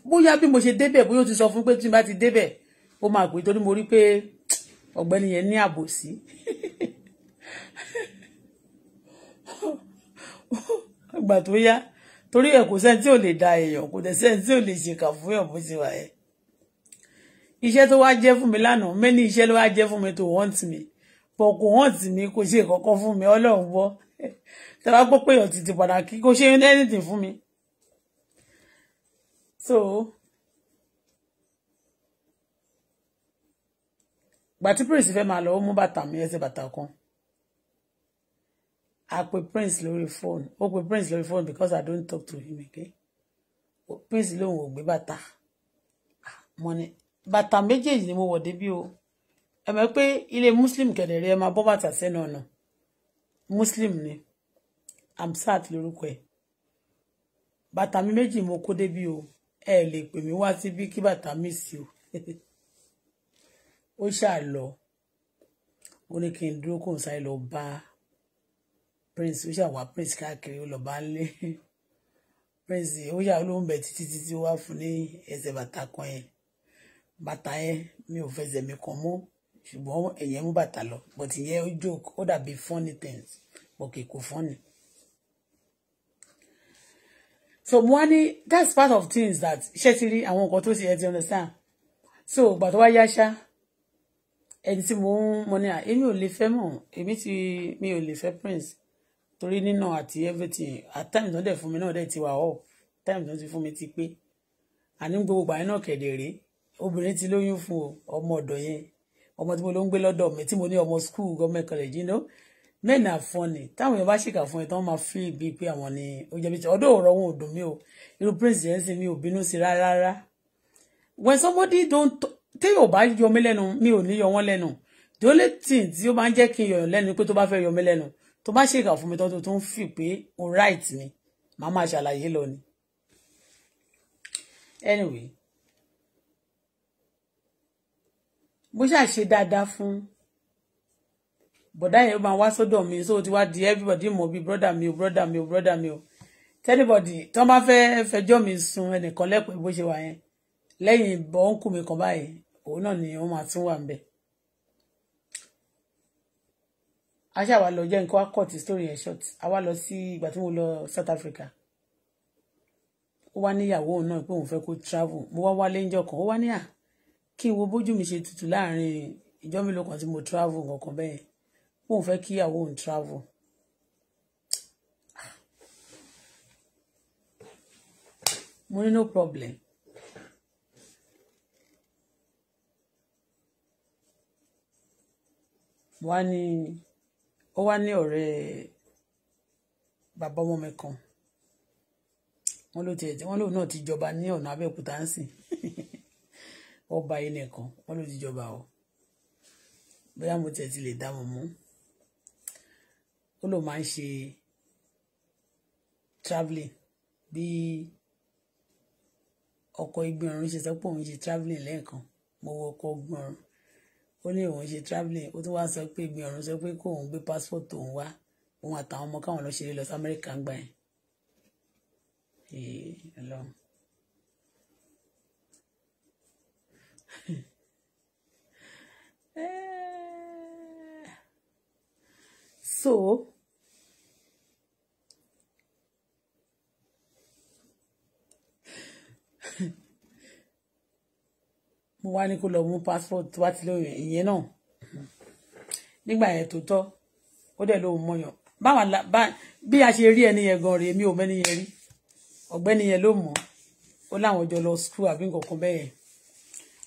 bóyá bí mo ṣe débẹ̀ bóyá ó ti sọ fún pé tí n bá ti débẹ̀ ó máa pè torí mo rí pé ọ̀gbẹ́ni yẹn ní àbòsí gbà tó yá torí ẹ̀ kò sẹ́ni tí ò lè da èèyàn kò dẹ̀ sẹ́ni tí ò lè ṣèkà fún èèyàn bó ṣe wà ẹ́ iṣẹ́ tó wá jẹ́ fún mi lánàá mẹ́ni iṣẹ́ ló wá jẹ́ fún mi tó hunt mi bọ̀ kò hunt mi kò ṣe kankan fún mi ọlọ́run bọ́ tẹ́wá gbọ́ pé èèyàn anything fún mi so gbàtí prince fẹ́ máa lọ ó mú bàtà mi ẹsẹ̀ bàtà kan a pe prince lórí phone ó pe prince lórí phone because i don't talk to him again prince lòun ò gbé bàtà ah, mo ní bàtà méjèèjì ni mo wọ̀ débí o ẹ mọ̀ pé ilé muslim kẹ̀dẹ̀ rí ẹ máa bọ́ bàtà sẹ́nu ọ̀nà muslim ni amsat lórúkọ ẹ̀ bàtà mi méjì mo kó débí o ẹ lè pè mí wá síbí kí bàtà mi sí o ó ṣáà lọ ó ní kí n dúró kó sáré lọ bá prince ó ṣáà wá prince káàkiri ó lọ bá ń lé prince ó ṣáà ló ń bẹ títí títí wá fún ní ẹsẹ̀ bàtà kan yẹn bàtà yẹn mi ò fẹsẹ̀ mi kàn mọ́ ṣùgbọ́n ẹ̀yẹn mú bàtà lọ but ìyẹn ó joke ó dàbí funny things but kì í kú funny so money that's part of things that ṣé ti won't go nǹkan tó ṣe ẹ understand so but why yasha? And ṣá ẹni tí mo ń mọ ní à èmi ò lè fẹ́ mọ̀ èmi ti mi ò everything at times don't they? For me, náà dẹ̀ ti wà ọ́ Times don't you for me ti pé àní gbogbo gbàyè náà kẹ̀dẹ̀ rèé obìnrin ti lóyún fún o ọmọ ọ̀dọ̀ yẹn ọmọ tí mo ló ń gbé lọ́dọ̀ mi tí mo ní ọmọ school gọọmẹ kọlẹjì náà men are funny táwọn èèyàn bá ṣèkà fún ẹ tán máa fi bíi pé àwọn ni ó jẹ̀bi tí ọdọ ọ̀rọ̀ wọn ò dùn mí o irú prince yẹn sì mi ò bínú sí rárá rárá when somebody don tí yóò bá yọ mí lẹ́nu mi ò ní yọ wọ́n lẹ́nu the only thing tí ó máa ń jẹ́ kí n yọ̀yàn lẹ́nu pé tó bá fẹ́ yọ mí lẹ́nu tó bá ṣèkà fún mi tán tó ń fi pé o right ni màá máa ṣàlàyé lọ ni anyway mo ṣàṣe dáadáa fún But yẹn ó máa wá sọ́dọ̀ mi so what wá di everybody mọ̀ bí brọ́dà mi o brọ́dà mi o brọ́dà mi o tẹ́nibọ̀dì tí wọ́n bá fẹ́ fẹjọ́ mi sun ẹnìkan lẹ́pẹ́ bó ṣe wà yẹn lẹ́yìn bọ́ńkù mi kan báyìí òun náà ni wọ́n máa tún wà ń bẹ̀. aṣáwa lọ jẹ́ nǹkan akọ̀ tí story yẹn short àwa lọ sí ìgbà tí mo lọ South Africa ó wá níyàwó náà pé òun fẹ́ travel mo wá wálé ńjọ́ kan ó wá ní à kí n wo bójú mi ṣe tutù láàrin mo travel nǹkan kan bẹ́ẹ̀ òun fẹ́ kí ìyàwó òun travel. mo ní no problem. wá ní ó wá ní ọ̀rẹ́ bàbá ọmọ mi kan wọ́n ló ti wọ́n lòun náà ti jọba ní ọ̀nà Abẹ́òkúta ń sìn ọba ilẹ̀ kan wọ́n ló ti jọba o bóyá mo tiẹ̀ ti lè dá wọn mú ó lóun máa ń ṣe traveling bí ọkọ̀ igbin ọ̀run ṣe sọ pé òun ṣe traveling lẹ́ẹ̀kan mo wọ ọkọ̀ igbin ọ̀run ó ní òun ṣe traveling ó tún wá sọ pé igbin ọ̀run sọ pé kó òun gbé passport òun wá òun àtàwọn ọmọ káwọn lọ ṣeré lọ sí Amẹ́ríkà ń gbà yẹn Ọlọ́run. Eh. so mo wá ní kó lọ mú passport wá ti lóyún ìyẹn náà nígbà yẹn tó tọ́ ó dẹ̀ lóun mọ̀yàn báwọn bí a ṣe rí ẹni yẹn gan rèé mi ò mẹ́ni yẹn rí ọ̀gbẹ́ni yẹn ló mọ̀ ó láwọn jọ lọ school àbí nǹkan kan bẹ́ẹ̀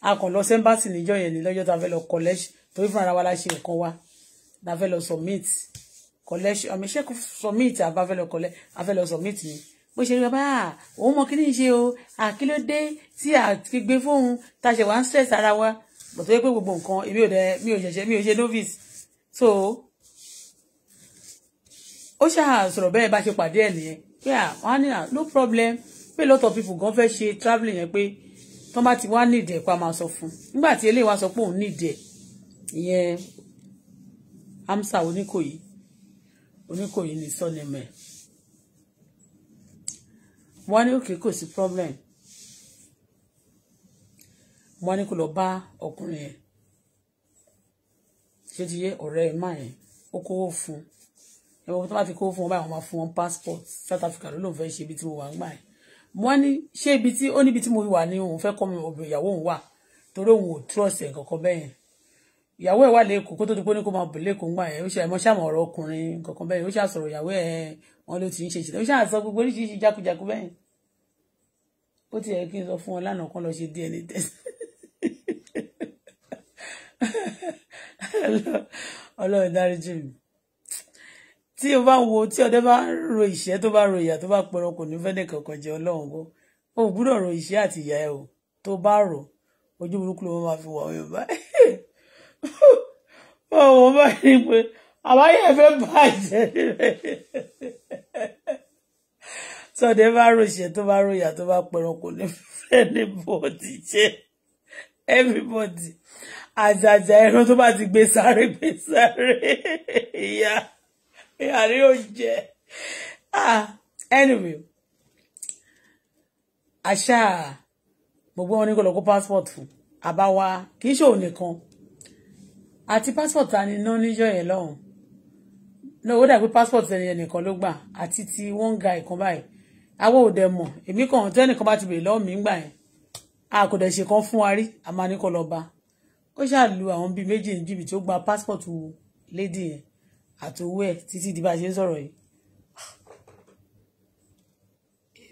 a kàn lọ sẹ́ńbàsì níjọ́ yẹn ní lọ́jọ́ tá a fẹ́ lọ college torí fúnra wa la ṣe nǹkan wa la fẹ́ lọ submit college àmì iṣẹ́ submit àbá fẹ́ lọ college a fẹ́ lọ submit ni bó ṣe rí bàbá òun mọ kí ṣe o àkílódé tí àgbègbè fóun ta ṣe wà ń stress ara wa bọ̀tọ̀ pé gbogbo nǹkan èmi ò dẹ mi ò ṣẹ̀ṣẹ̀ mi ò ṣe novice so ó ṣáà sọ̀rọ̀ bẹ́ẹ̀ bá ṣe pàdé ẹ̀ nìyẹn pé à wọ́n á ní à no problem pé lot of people gan fẹ́ ṣe travelling yẹn pé tán bá ti wá nídìí ẹ̀ pa máa sọ fún nígbà tí eléyìí wá sọ pé òun nídìí ẹ̀ ìyẹn amsa oníkòyí oníkòyí ni sọ́ni mẹ́ẹ̀ wọ́n ní òkè kò sí problem wọ́n ní kó lọ bá ọkùnrin yẹn ṣé ti yé ọ̀rẹ́ ẹ̀ máa yẹn ó kówó fún ẹ wọ́n tó bá ti kówó fún wọn báyìí wọ́n máa fún wọn passport South Africa ló lóun fẹ́ ṣe ibi tí mo wà ń gbà yẹn wọ́n ní ṣé ibi tí ó níbi tí mo wà ní òun fẹ́ kọ́ mi ìyàwó òun wà torí òun ò trust ẹ̀ kankan bẹ́yẹn ìyàwó ẹ̀ wà lẹ́kọ̀ọ́ kó tó di pé ní kó máa bọ̀ lẹ́kọ̀ọ́ ńgbà yẹn ó ṣe àìmọ́ ṣàmọ̀ ọ̀rọ̀ ọkùnrin kankan bẹ́ẹ̀ ó ṣàsọ̀rọ̀ ìyàwó ẹ̀ wọn ló ti ń ṣe ìṣẹ̀lẹ̀ ó ṣàṣọ gbogbo oríṣiríṣi jákujàku bẹ́ẹ̀ ó ti yẹ kí n sọ fún wọn lánàá kan lọ ṣe DNA test ọlọ́run dáríjì mi tí o bá ń wo tí ọdẹ bá ń ro ìṣẹ́ tó bá ro ìyà tó bá pẹran kò ní fẹ́ẹ́ kankan ló máa fi wà ó báyìí báwo báyìí pé àbáyé ẹ̀fẹ́ bàjẹ́ sọdẹ bá ròṣẹ tó bá ròyà tó bá pẹran kò ní fẹ́ ní bọdì jẹ everybody àjàjà ẹran tó bá ti gbé sáré gbé sáré ìyá ìyá rí ò jẹ ah anyway àṣà gbogbo wọn ní kó lọ kó passport fún àbáwá kì í ṣe òun nìkan àti passport ta ni ná níjọ́ yẹn lọ́hùn náà dàbí passport ẹnìyẹn nìkan ló gbà àti ti one guy kan báyìí àwọn ò dẹ mọ̀ èmi kàn tẹ́ nìkan bá ti bèrè lọ́wọ́ mi ń gbà yẹn a kò dẹ̀ ṣe kan fún wa rí a máa ní kó lọ bá ó ṣáà lu àwọn bíi méjì ní jìbìtì ó gba passport lady yẹn àtòwú ẹ̀ títí di bá a ṣe ń sọ̀rọ̀ yìí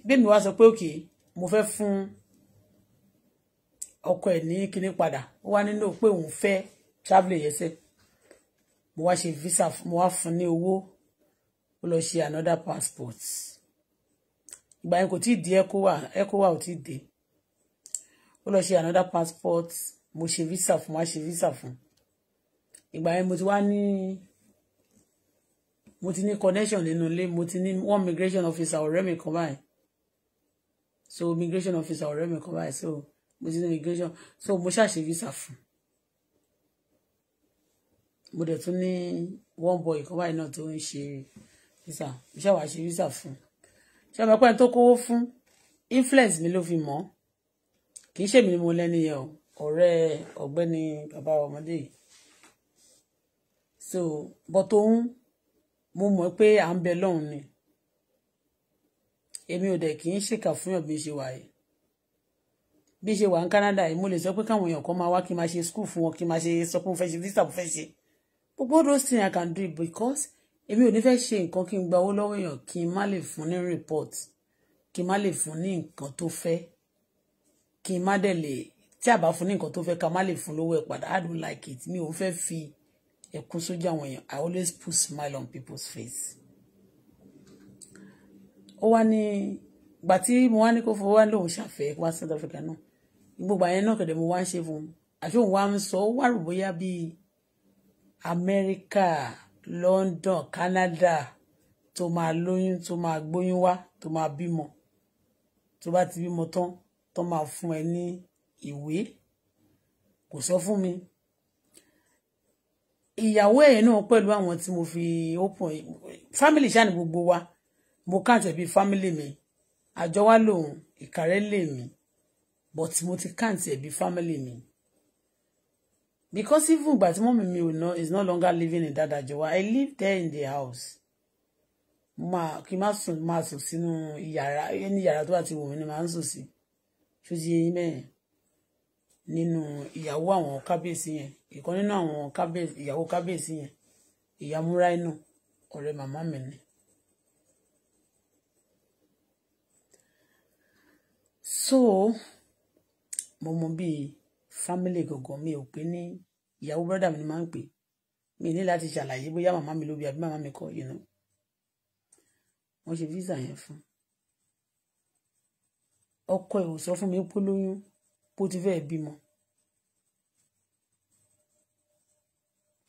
bẹ́ẹ̀ni wá sọ pé òkè mo fẹ́ fún ọkọ ẹ̀ ní kinní padà ó wá nínú pé òun fẹ́ traveling yẹn sẹ́ mo wá ṣe visa mo wá fún ní owó ó lọ ṣe another passport ìgbà yẹn kò tí ì di ECOWA ECOWA ò tí ì dé ó lọ ṣe another passport mo ṣe visa fún wá ṣe visa fún ìgbà yẹn mo ti wá ní mo ti ní connection nínú ilé mo ti ní one immigration officer ọ̀rẹ́ mi kan báyìí so immigration officer ọ̀rẹ́ mi kan báyìí so mo ti ní immigration so mo ṣàṣe visa fún mo dẹ̀ tún ní one boy kan báyìí náà tó ń ṣe visa mo ṣàwà ṣe visa fún ṣe àwọn ẹ̀pẹ́ tó kówó fún influence mi ló fi mọ̀ kì í ṣèmi ni mo lẹ́ni yẹn o ọ̀rẹ́ ọ̀gbẹ́ni bàbá ọmọdé so but òun mo mọ̀ pé à ń bẹ lọ́hùn ni èmi ò dẹ̀ kì í ṣèkà fún yàn bí ṣe wà yìí bí ṣe wà ní Canada yìí mo lè sọ pé káwọn èèyàn kan máa wá kí n máa ṣe school fún wọn kí n máa ṣe sọ pé mo fẹ́ ṣe visa mo fẹ́ ṣe gbogbo those things I can do because èmi ò ní fẹ́ ṣe nǹkan kí n gba owó lọ́wọ́ èèyàn kí n má lè fún ní report kí n má lè fún ní nǹkan tó fẹ́ kí n má dẹ̀ lè tí a bá fún ní nǹkan tó fẹ́ ká má lè fún lówó ẹ̀ padà I don't like it mi ò fẹ́ fi ẹkún sójú àwọn èèyàn I always put smile on people's face. ó wá ní gbà tí mo wá ní kó fowó wá lóun ṣàfẹ́ wá South Africa náà gbogbo àyẹn náà kẹ̀dẹ̀ mo wá ń ṣe fún un àti òun wá ń sọ ó wá rò bóyá bíi amẹ́ríkà london canada tó máa lóyún tó máa gbóyún wá tó máa bímọ tó bá ti bímọ tán tó máa fún ẹ ní ìwé kò sọ fún mi ìyàwó ẹ̀yìn náà pẹ̀lú àwọn tí mo fi open family ṣáà ní gbogbo wa mo káàntẹ̀ bíi family mi àjọ wa mi but mo ti káàntẹ̀ bíi family mi because even but tí mọ́mí mi ò ná is no longer living in that àjọwà I live there in the house Ma, kimasu masu má sùn máa sùn sínú yàrá ẹni yàrá tó bá ti wù mí ni máa ń sùn sí ṣojú eyín mẹ́rin nínú ìyàwó àwọn kábíyèsí yẹn ìkan nínú àwọn ìyàwó kábíyèsí mi ni. so momo bi family gangan mi ò pé ní ìyàwó brọ́dà mi ni máa ń pè mí ní láti ṣàlàyé bóyá màmá mi ló bí àbí màmá mi kọ́ yìí náà wọ́n ṣe fíìsà yẹn fún ọkọ ẹ̀ ò sọ fún mi pé lóyún bó ti fẹ́ẹ̀ bímọ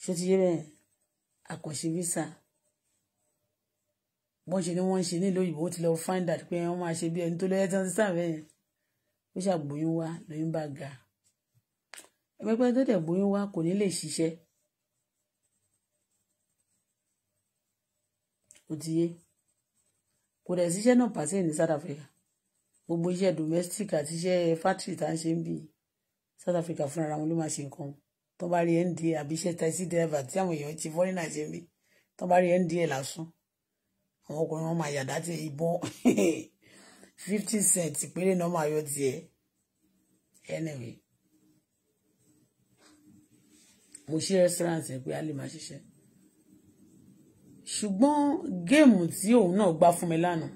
ṣó ti yé bẹ́ẹ̀ àkànṣe fíìsà bọ́n ṣe ni wọ́n ń ṣe nílùú òyìnbó ó ti lọ find out pé wọ́n máa ṣe bí ẹni tó lọ́yẹ́ tí wọ́n ti sàn bẹ́ẹ̀ ó ṣàgbóyún wá lóyún bá ga ẹgbẹ́gbẹ́ tó dẹ̀ gbóyún wá kò ní lè ṣiṣẹ́ òtíye kò dẹ̀ ṣiṣẹ́ náà pàṣẹ ní South Africa gbogbo iṣẹ́ domestic àti iṣẹ́ factory tá à ṣe ń bí South Africa fúnra wọn ló máa ṣe nǹkan tó bá rí nda àbí iṣẹ́ taxi driver tí àwọn èèyàn ti fọ́nrínà ṣe ń bí tó bá rí nda lásán àwọn ọkùnrin wọn máa yàdá tí ìbọn fifty cent péré náà máa yọ tiẹ̀ anyway mo ṣí restaurant yẹn pé a lè máa ṣiṣẹ́ ṣùgbọ́n géèmù tí òun náà gbá fún mi lánàá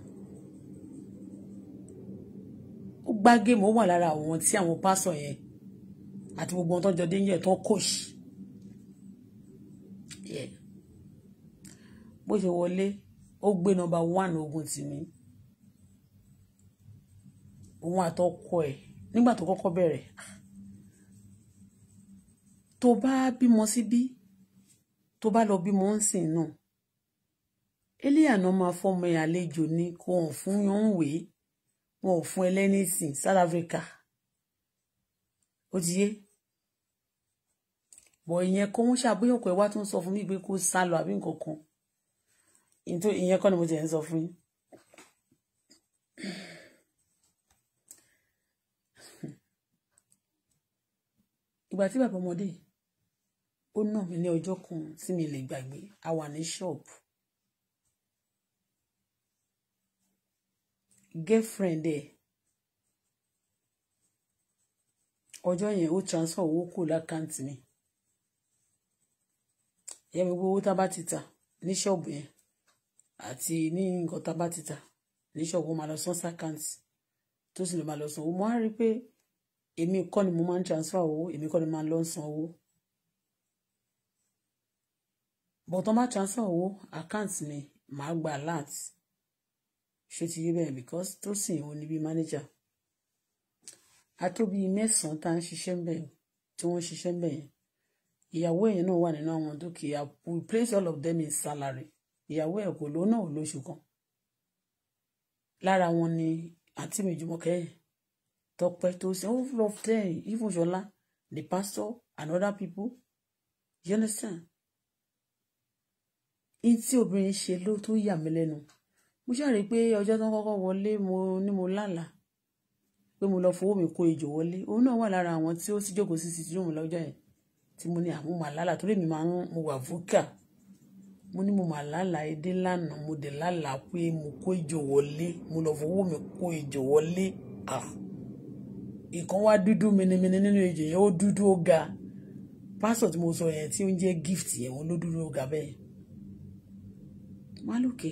ó gbá géèmù ó wà lára àwọn tí àwọn pásọ yẹn àti gbogbo ohun tó jọ dé yẹn tó kòṣì bó ṣe wọlé ó gbé nọ́mbà one ogun tì mí òun àtọkọ ẹ̀ nígbà tó kọ́kọ́ bẹ̀rẹ̀ ah, tó bá bímọ síbí tó bá lọ bímọ ń sìn náà eléyàna máa fọmọ ẹ àlejò ni kò hàn fún yọǹwé wọn ò fún ẹlẹ́nìsìn South Africa ó ti yé bọ̀ ìyẹn kó wọ́n ṣàbóyọ̀ pé wá tó ń sọ fún mi pé kó sá lọ àbí nǹkan kan ìyẹn kọ́ ni mo ti ń sọ fún yín. ìgbà tí bàbá ọmọdé yìí ó nà mí ní ọjọ́ kan tí mi lè gbàgbé a wà ní ṣọ́ọ̀bù girlfriend ẹ̀ ọjọ́ yẹn ó transfer owó kù lákàntì mi ìyá mi gbogbo owó tá bá ti tà ní ṣọ́ọ̀bù yẹn àti ní nǹkan tá bá ti tà ní ṣọ́ọ̀bù ó máa lọ san sákàntì tó sì lè máa lọ san owó mo á rí i pé èmi kọ́ ni mo máa ń transfer owó èmi kọ́ ni mo máa ń lọ san owó but tó má transfer owó account mi màá gba alert ṣé ti yé bẹ́ẹ̀ because tó sì ń ní bí manager àtóbi mẹ́sàn-án tá à ń ṣiṣẹ́ ń bẹ̀ tí wọ́n ń ṣiṣẹ́ ń bẹ̀ yẹn ìyàwó èèyàn náà wà nínú àwọn dúkìá we place all of them in salary ìyàwó ẹ̀ kò lóná ò lóṣù kan lára wọn ni àǹtí mi jùmọ̀kẹ́ yẹn tọpẹ́ tó ṣe all of them even ṣọlá the pastor and other people you understand in tí obìnrin ṣe ló tó yà mí lẹ́nu mo ṣàrí pé ọjọ́ tó ń kọ́kọ́ wọlé mo ní mo lálàá pé mo lọ fowó mi kó ejò wọlé òun náà wà lára àwọn tí ó sì jókòó sí ti jóun lọ́jọ́ yẹn tí mo ní àmú mà lálàá torí mi máa ń mo wà vókà mo ní mo mà lálàá edé lánàá mo dẹ̀ lálàá pé mo kó ejò wọlé mo lọ fowó mi kó ejò wọlé ah! ìkan wá dúdú minimini nínú ejò yẹn ó dúdú ó ga pásítọ̀ tí mo sọ yẹn tí ó ń jẹ́ gift yẹn wọn ló dúdú ó ga bẹ́ẹ̀ Málòkè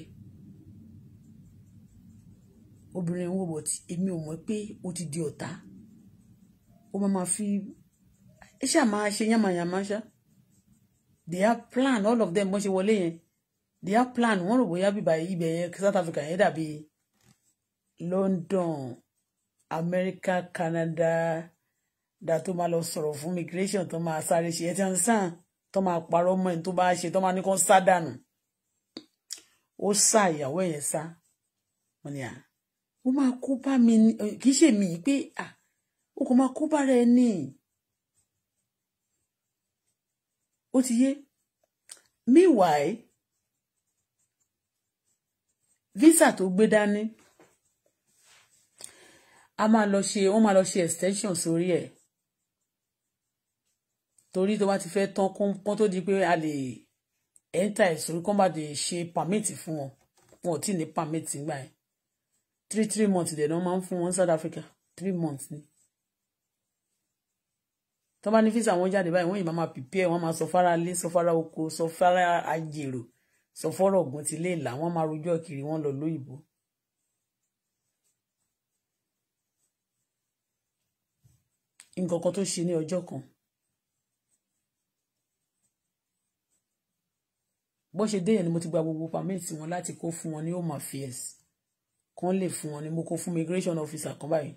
obìnrin ń wò bọ̀ tí èmi ò mọ̀ pé ó ti di ọ̀tá ó máa fi ẹ ṣáà ṣe yánmayànmá ṣá they have plan all of them bọ́n ṣe wọlé yẹn they have plan wọ́n rò bóyá bíbá ibẹ̀ yẹn South Africa yẹn dàbí London America Canada dà tó máa lọ sọ̀rọ̀ fún migration tó máa sáré ṣe ẹ ti hàn sàn tó máa parọ́ mọ́ ẹni tó bá ṣe tó máa ní kó sá dànù o sá ìyàwó ẹ̀yẹ sá wọn ni à ó máa kó bá mi kì í ṣe mí pé à ó kò máa kó bára ẹ ní ó ti yé meanwhile visa tó gbé dání a máa lọ ṣe wọ́n máa lọ ṣe extension sórí ẹ̀ torí tó bá ti fẹ́ tán kó tó di pé a lè enter ìṣòro kọ́ bá dé ṣe permit fún wọn wọn ò tí permit nígbà yẹn three three months dẹ̀ ni man máa ń South Africa three months ni tó bá ní fíìsì àwọn jáde báyìí wọ́n yìí máa máa pìpẹ́ wọ́n máa sọ fara lé sọ fara oko sọ fara ajèrò sọ fọ́rọ̀ ọ̀gbọ́n ti lè là wọ́n máa rojọ́ kiri wọ́n lọ lóyìnbó. nǹkan kan tó ṣe ní ọjọ́ kan bó ṣe dé yẹn ni mo ti gba gbogbo permit wọn láti kó fún wọn ní home affairs kan lè fún wọn ni mo kó fún immigration officer kan báyìí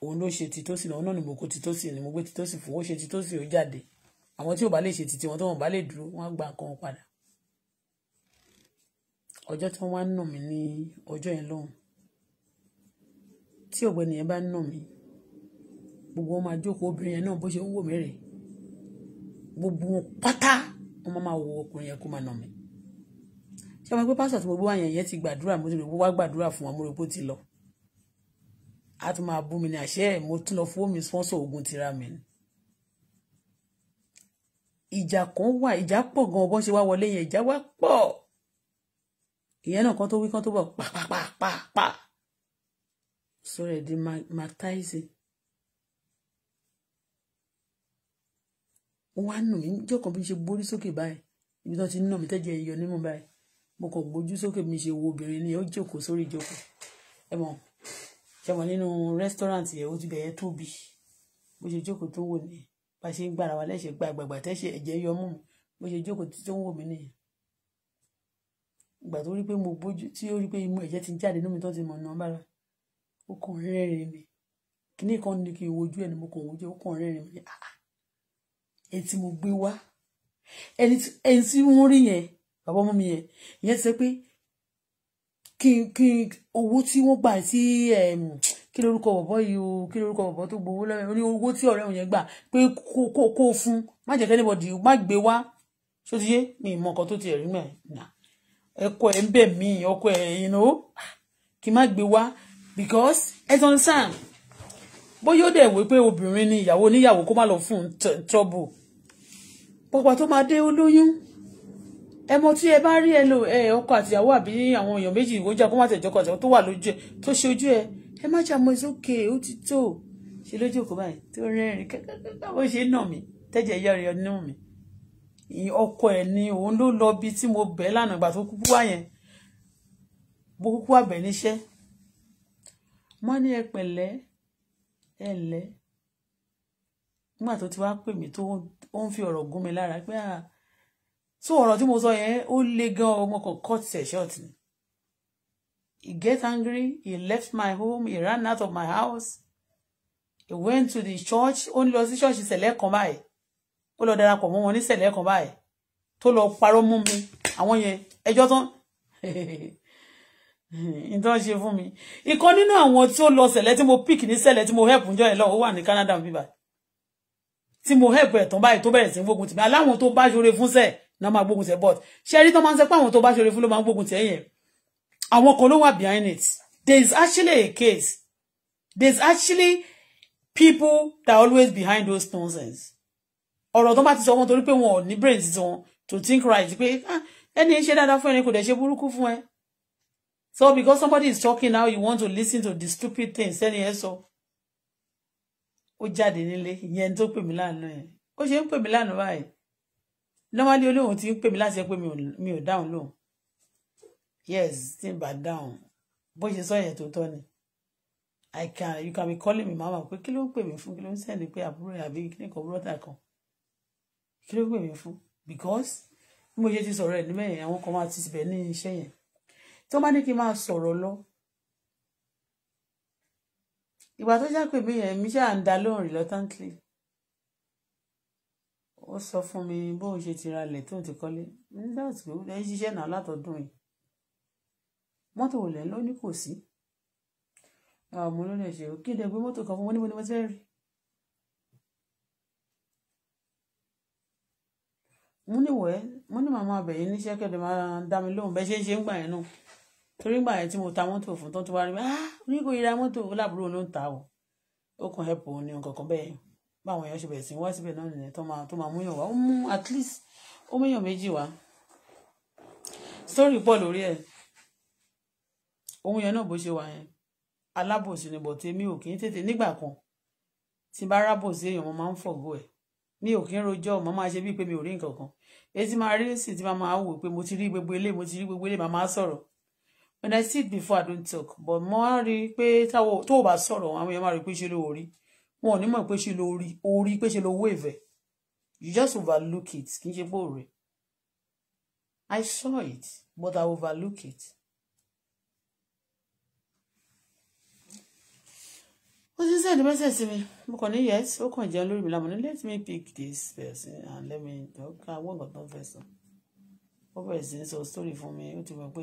òun ló ṣe títòsí náà òun náà ni mo kó títòsí ni mo gbé títòsí fún ó ṣe títòsí ó jáde àwọn tí ò bá lè ṣe títí wọn tó wọn bá lè dúró wọn á gba nǹkan wọn padà ọjọ́ tí wọ́n wá ń nà mí ní ọjọ́ yẹn lọ́hùn tí ọ̀gbẹ́ni yẹn bá ń nà mí gbogbo wọn máa jókòó obìnrin yẹn náà bó ṣe ń wò mí rè gbogbo wọn pátá mo máa wo ọkùnrin yẹn kó máa nà mí ṣé ọmọ pé pásítọ̀ tí mo gbé wá yẹn yẹn ti gbàdúrà mo ti rò pé wá gbàdúrà fún wa mo rò pé ó ti lọ a tún máa bú mi ní àṣẹ mo tún lọ fowó mi sponsor oògùn tira mi ni ìjà kan wà ìjà pọ̀ gan bó ṣe wá wọlé yẹn ìjà wá pọ̀ ìyẹn náà kan tó wí kan tó bọ̀ pàpàpàpà sọ̀rọ̀ ẹ̀ di ma ma wọ́n wá nù mí níjọ́ kan bí ṣe borí sókè báyìí ibi tó ti ń nà mí tẹ́jẹ̀ yọ nímú báyìí mo kàn gbójú sókè mi ṣe wo obìnrin ni ó jókòó sórí ìjókòó ẹ mọ̀ ṣẹmọ nínú restaurant yẹn ó ti bẹ̀yẹ tóbi bó ṣe jókòó tó wò ní bá ṣe ń gbára wa lẹ́sẹ̀ gba àgbàgbà tẹ́sẹ̀ ẹ̀jẹ̀ yọ mú bó ṣe jókòó tó wò mí nìyẹn ìgbà tó rí pé mo gbójú tí ó rí pé imú ẹ̀jẹ̀ ti jáde nínú mi tó ti mọ̀ ní kí n ni mo kàn wojú ẹni tí mo gbé wá ẹni tí wọ́n rí yẹn bàbá ọmọ mi yẹn ìyẹn ti sẹ pé kí kí owó tí wọ́n gbà tí kí lórúkọ bọ̀bọ̀ yìí o kí lórúkọ bọ̀bọ̀ to gbowó lọ́wọ́ ní owó tí ọ̀rẹ́ òun yẹn gbà pé kó kó fún má jẹ́ kẹ́ni bọ̀dì má gbé wá ṣó ti yé mi ìmọ̀ nǹkan tó ti ẹ̀rí mẹ́ nà ẹ̀kọ́ ẹ̀ ń bẹ̀ mí ọkọ ẹ̀ you know kí má gbé wá because ẹ tán sàn bóyá ó dẹ̀ wí pé obìnrin ni ìyàwó oníyàwó kó má lọ fún trouble pọpọ tó máa dé olóyún ẹ mọ tí ẹ bá rí ẹlò ẹ ọkọ àtìyàwó àbí àwọn èèyàn méjì ìwọ jà kó má tẹjọ kọ àtìyàwó tó wà lójú ẹ tó ṣe ojú ẹ ẹ má jà mọ ìsókè ó ti tó ṣe lójú òkú báyìí tó rẹ́rìn kẹkẹkẹ bó ṣe nà mí tẹjẹ yọrọ yọ nínú mi ọkọ ẹ ni òun ló lọ bí tí mo bẹ̀ lánàá ìgbà tó kúkú wá yẹn mo kúkú wá bẹ̀ níṣẹ́ ní ẹ pẹ̀lẹ́ nígbà tó ti wá pè mí tó ó ń fi ọ̀rọ̀ gún mi lára pé à ah, so ọ̀rọ̀ tí mo sọ yẹn ó le gan ọmọ kan cut ṣẹ̀ short ni he get angry he left my home he ran out of my house he went to the church ó ń lọ sí ṣọ́ọ̀ṣì sẹ̀lẹ̀ kan báyìí ó lọ darapọ̀ mọ́ wọn ní sẹ̀lẹ̀ kan báyìí tó lọ parọ́ mú mi àwọn yẹn ẹjọ́ tán nǹkan ṣe fún mi ìkan nínú àwọn tí ó lọ sẹ̀lẹ̀ tí mo pick ní sẹ̀lẹ̀ tí mo help ń jọ yẹn lọ ó wà ní Canada bíbá tí mo help ẹ̀ tán báyìí tó bẹ̀rẹ̀ sí gbógun tì mí aláwọn tó bá ṣoore fún sẹ̀ náà máa gbógun tẹ̀ but ṣe rí tó máa ń sẹ́ pé àwọn tó bá ṣoore fún ló máa ń gbógun tẹ̀ yẹn àwọn kan behind it there is actually a case there is actually people that always behind those nonsense ọ̀rọ̀ tó bá ti sọ wọn torí pé wọn ò brains tiwọn to think right pé ah, ẹni ṣe dáadáa fún ẹni kò dẹ̀ ṣe burúkú fún ẹ so because somebody is talking now you want to listen to the stupid things ẹni So ó jáde nílé ìyẹn tó pè mí lánàá yẹn ó ṣe ń pè mí lánàá báyìí normally olóhùn ti ń pè mí láti ṣe pé mi ò dáhùn lóhùn yes tí n bá dáhùn bó ṣe sọ yẹn tó tọ́ ni i can you can be calling me mama pé kí ló ń pè mí fún kí ló ń sẹ́ni pé àbúrò rẹ̀ àbí kí nìkan brọ́dà kan kí ló ń pè mí fún because bí mo ṣe ti sọ̀rọ̀ ẹ̀ níbẹ̀ yẹn àwọn kan máa ti síbẹ̀ ní iṣẹ́ yẹn tó bá ní kí n máa sọ̀rọ̀ lọ ìgbà tó jẹ́ pé mi yẹn mi ṣáà ń dá lóhùn reluctantly ó sọ fún mi bóun ṣe ti ralẹ̀ tóun ti kọ́lé nígbà tí ó lẹ́yìn ṣiṣẹ́ náà látọ̀dún yìí mọ́tò wò lẹ́nu ló ní kò sí àwọn ọmọ olóyè ṣe ó kéde gbé mọ́tò kan fún wọn níbo ni mo fẹ́ rí mo ní wẹ́ mo ní màmá abẹ̀yìn níṣẹ́ kẹ́dẹ̀ máa dá mi lóhùn bẹ́ẹ̀ ṣe ń ṣe ń gbà yẹn náà torí gbà yẹn tí mo ta mọ́tò fún tó ti wá rí mi ah oníkó yìí ra mọ́tò láàbúrò ló ń ta o ó kàn help òun ní nǹkankan bẹ́ẹ̀ báwọn èèyàn ṣe bẹ̀rẹ̀ sí wá síbẹ̀ náà nìyẹn tó máa tó máa múyàn wá ó mú at least ó múyàn méjì wá story pọ̀ lórí ẹ̀ ohun yẹn náà bó ṣe wà yẹn alábòsí ni bọ̀tẹ́ mi ò kì í tètè nígbà kan tí bá rábòsí èèyàn mo máa ń fọ̀gọ́ ẹ̀ mi ò kí ń rojọ́ mo máa ṣe bíi pé mi ò rí nǹkan kan èyí tí máa rí sí ti máa wò pé mo ti rí gbogbo ilé mo ti rí gbogbo ilé màá máa sọ̀rọ̀ when I sit before I don't talk but mo á rí i pé tó o bá sọ̀rọ̀ àwọn èèyàn máa rí i pé ṣe ló rí wọn ò ní mọ̀ pé ṣe ló wave you just overlook it kì í ṣe pé I saw it but I overlook it. What ó ti send message sí mi mo kàn ní yes Okay, kàn jẹun lórí let me pick this person and let me okay àwọn nǹkan tó ń fẹ́ ó bẹ̀rẹ̀ sí ní sọ story fún mi ó ti mọ̀ pé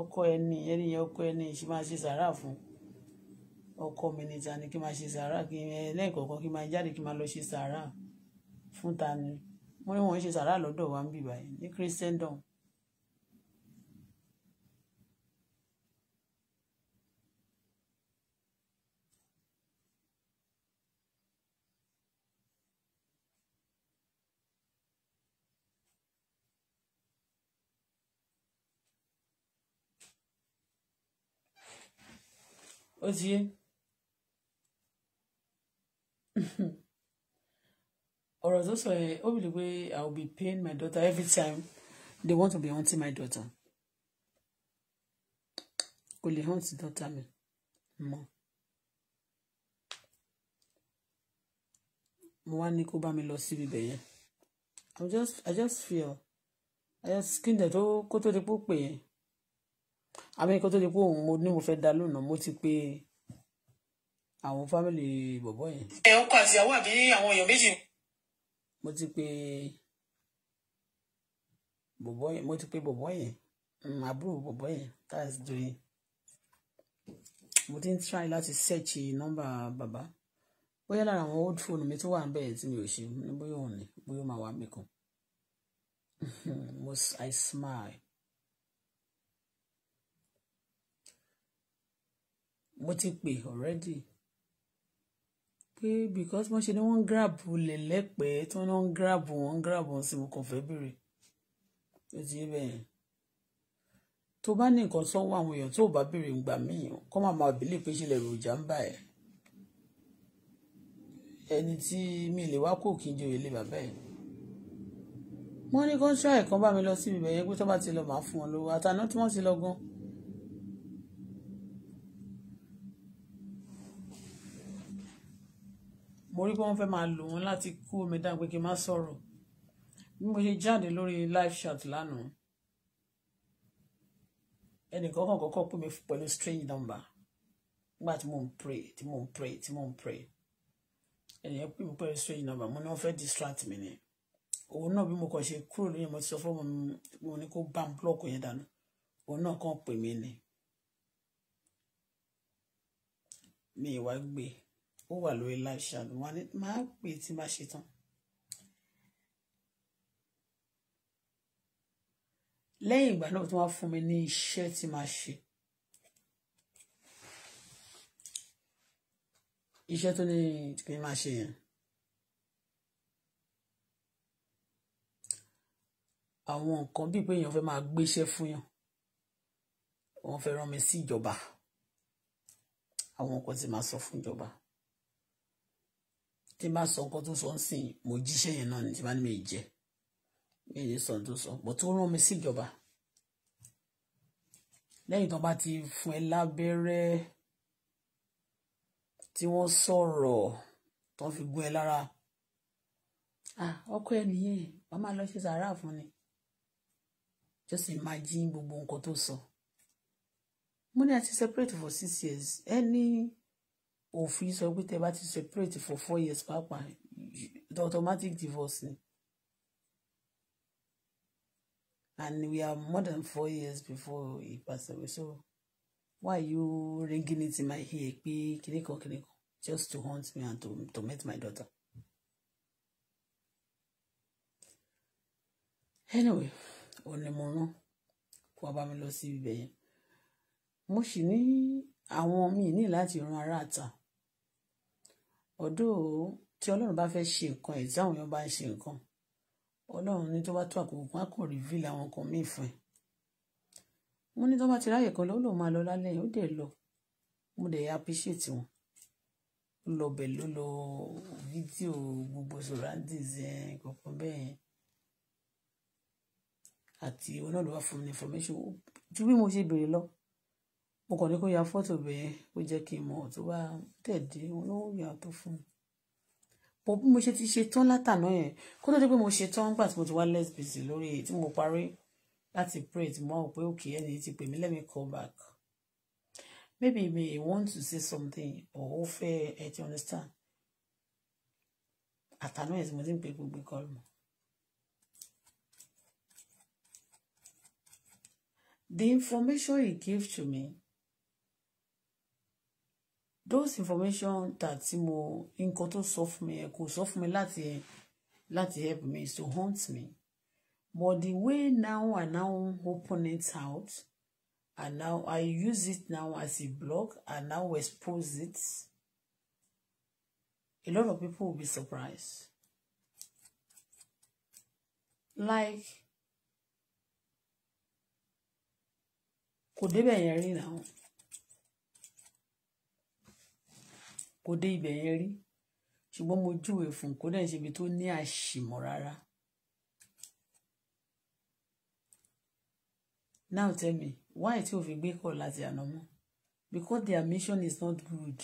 ọkọ ẹni ẹni yẹn ọkọ ẹni ṣe máa ṣe sàárà fún ọkọ mi ni ta ni kí n máa ṣe sàárà kí n eh, lẹ́ẹ̀kọ̀ọ̀kan kí n máa jáde kí n máa lọ ṣe sàárà fún ta ni wọ́n ní wọ́n ṣe sàárà lọ́dọ̀ wa ń bì báyìí ní christendom ó ti yé ọ̀rọ̀ tó sọ yẹn ó bìlí i will be paying my daughter every time they want to be haunting my daughter Only lè hunt daughter me, mọ́ mo wá ní kó i just i just feel i just kí n dẹ̀ tó kó tó di pò àmì kó tó di pé òun mo ní mo fẹ́ da lónà mo ti pé àwọn fámìlì bọ̀bọ̀ yẹn. ẹ ọkọ àti ìyàwó àbí àwọn èèyàn méjì. mo ti pé bọ̀bọ̀ yẹn mo ti pé bọ̀bọ̀ yẹn mm, àbúrò bọ̀bọ̀ yẹn that's doing mo ti ń try láti search nọ́mbà bàbá bóyá lára àwọn old phone mi tó wà níbẹ̀ tí mi ò ṣe bóyá òun ni bóyá ó máa wà mí kan i smile mo ti pè already pé because wọ́n ṣe ni wọ́n ń grab lẹ̀lẹ́pẹ̀ẹ́ tí wọ́n ń grab wọ́n ń grab wọn sí mo kàn fẹ́ bèrè ó ti yé bẹ́ẹ̀ tó bá ní nǹkan sanwó àwọn èèyàn tó bá bèrè ìgbà míì kọ́ máa máa bìlẹ̀ pé ṣe lè ròjà ń bà ẹ́ ẹni tí mi lè wá kó kí n joyè lè bàbá ẹ̀ wọ́n ní kọ́ńtà ẹ̀kan bá mi lọ síbi ìbẹ̀yẹ pé tó bá ti lọ màá fún wọn lówó àtàná tí wọ́n ti lọ gan-an mo rí pé wọ́n fẹ́ máa lò wọ́n láti kú omi dáa pé kí n má sọ̀rọ̀ bí mo ṣe jáde lórí live chat lánàá ẹnìkan kan kọ́kọ́ pè mí pẹ̀lú strange number nígbà tí mò ń pray tí mò ń pray tí mò ń pray ẹnìyẹn pè mí pẹ̀lú strange number mo ní wọ́n fẹ́ distract mi ni òun náà bí mo kàn ṣe kúrò lóyún mo ti sọ fún mi mo ní kó bá ń blọọkù yẹn dànù òun náà kàn pè mí ni mi ìwà gbé ó wà lórí live chat wà ní máa pè tí bá ṣe tán. lẹ́yìn ìgbà náà tó wá fún mi ní iṣẹ́ tí máa ṣe iṣẹ́ tó ní kí n máa ṣe yẹn àwọn nǹkan bíi pé èèyàn fẹ́ máa gbéṣẹ́ fún yàn wọ́n fẹ́ rán mi sí ìjọba àwọn nǹkan tí máa sọ fún ìjọba tí n bá sọ nǹkan tó sọ ń sìn mo jíṣẹ́ yẹn náà ní tí n bá ní mi jẹ́ mi ní sọ tó sọ bọ̀ tó rán mi síjọba lẹ́yìn tó bá ti fún ẹ lábẹ́rẹ́ tí wọ́n sọ̀rọ̀ tó fi gún ẹ lára ọkọ ẹ nìyẹn wọ́n máa lọ ṣe sàárà fún ni just imagine gbogbo nǹkan tó sọ mo ní àti separate for six years ẹni. Eh, òfin sọ pé tẹ bá ti separate for four years pàápàá automatic divorce and we are more than four years before he passed away so why you ringing it in my ear pé kìnìkan kìnìkan just to haunt me and to to meet my daughter. anyway ọ̀nìmọ̀ràn kó bá mi lọ sí ibẹ̀ yẹn mo sì ní àwọn míì ní láti ran ará àta ọ̀dọ̀ tí ọlọ́run bá fẹ́ ṣe nǹkan ẹ̀ tí àwọn èèyàn bá ń ṣe nǹkan ọlọ́run ní tó bá tó àkókò kan á kàn reveal àwọn nǹkan míì fún ẹ wọ́n ní tó bá ti ráyè kan lọ́wọ́ lòun máa lọ lálẹ́ ó dẹ̀ lọ mo dẹ̀ appreciate wọn ó lọ bẹ̀ ló lọ fídíò gbogbo surroundings ẹ̀ kankan bẹ́ẹ̀ àti òun náà ló wá fún mi information ju bí mo ṣe béèrè lọ mo kàn ní kó ya fọ́tò bẹ́ẹ̀ kó jẹ́ kí n mọ̀ tó bá tẹ̀dé wọn ló yà tó fún un bó bí mo ṣe ti ṣe tán látàná yẹn kó tó dé pé mo ṣe tán nígbà tí mo ti wá less busy lórí èyí tí mo parí láti pray tí mo wá pé òkè ẹni tí pè mí let me call back maybe me want to say something or ó fẹ́ ẹ ti understand àtàná yẹn tí mo ti ń pè gbogbo call mọ́. The information he gave to me those information that mo nǹkan tó sọ fún mi yẹn kò sọ fún mi láti láti help me to hunt me but the way now I now open it out and now I use it now as a blog and now expose it a lot of people will be surprised like kò débẹ̀ yẹn rí náà. kò dé ibẹ̀ yẹn rí ṣùgbọ́n mo júwe fún kó dẹ̀ ṣe ibi tó ní àṣìmọ̀ rárá. now tell me why tí o fi gbé kọ̀ láti àná mọ́ because their mission is not good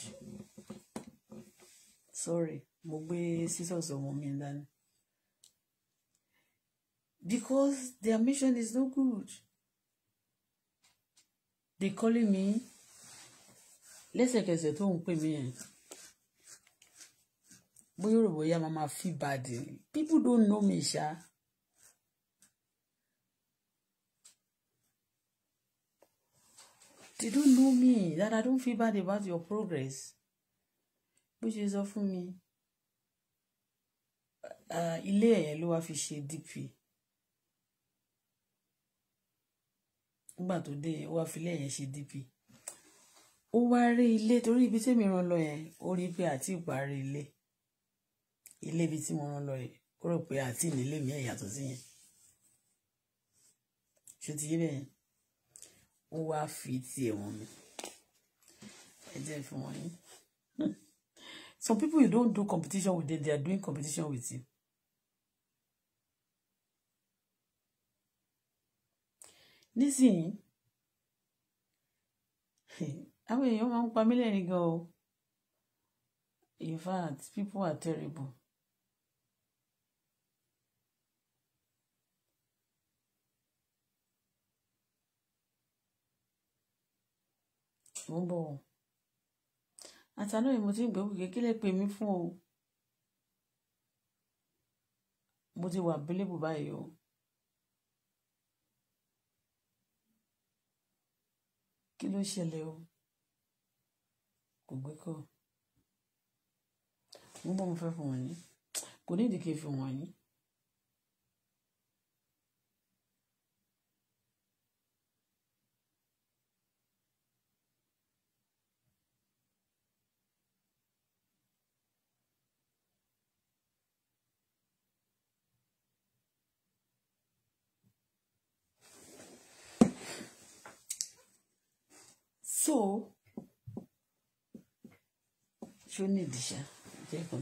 sorry mo gbé sísọ̀sọ̀ ọmọ mi dání because their mission is not good they calling me lẹ́sẹ̀kẹsẹ̀ tó ń pè mí yẹn mo yóò rò bóyá màmá feel bad people don't know me ṣá. they don't know me that I don't feel bad about your progress bó ṣe sọ fún mi uh, ilé ẹ̀ ló wá fi ṣe DP. nígbà tó dé ó wá filé yẹn ṣe dp ó wá rí ilé torí ibi tẹ́mi ràn lọ yẹn ó rí pé àti ìparí ilé ilé ibi tí mo lọ yìí rò pé àti nílé mi ẹ̀yàtọ̀ sí yẹn ṣé ti yé bẹ́ẹ̀ ó wá fi ti ẹ̀wọ̀n mi ẹ fún wọn yín some people you don't do competition with them they are doing competition with you. nísìnyí àwọn èèyàn máa ń pa mí lẹ́rìn gan o in fact people are terrible mò ń bọ̀ àtàná yìí mo ti ń gbé òkè kí lè pè mí fún o mo ti wà bílẹ̀bù báyìí o. kí ló ṣẹlẹ̀ o kò gbé kọ́ mo ń mo fẹ́ fún wọn ní kò ní ìdí kí n fi so ṣó ní ìdìṣà jẹ́ kan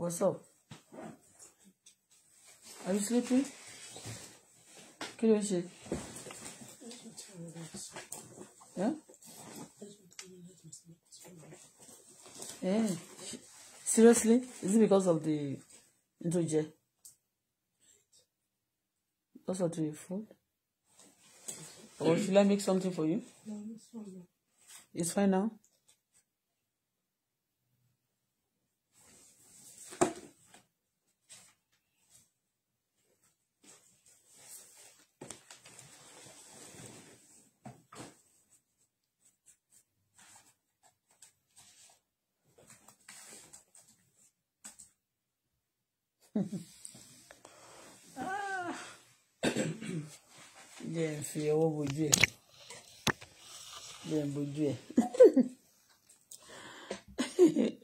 what's up are you sleeping Can you see? Yeah. Yeah. Seriously? Is it because of the Ndoje? Because of the food? Or oh, should I make something for you? No, it's fine It's fine now. jẹ́ ń fi ọwọ́ bojú ẹ̀ jẹ́ ń bojú ẹ̀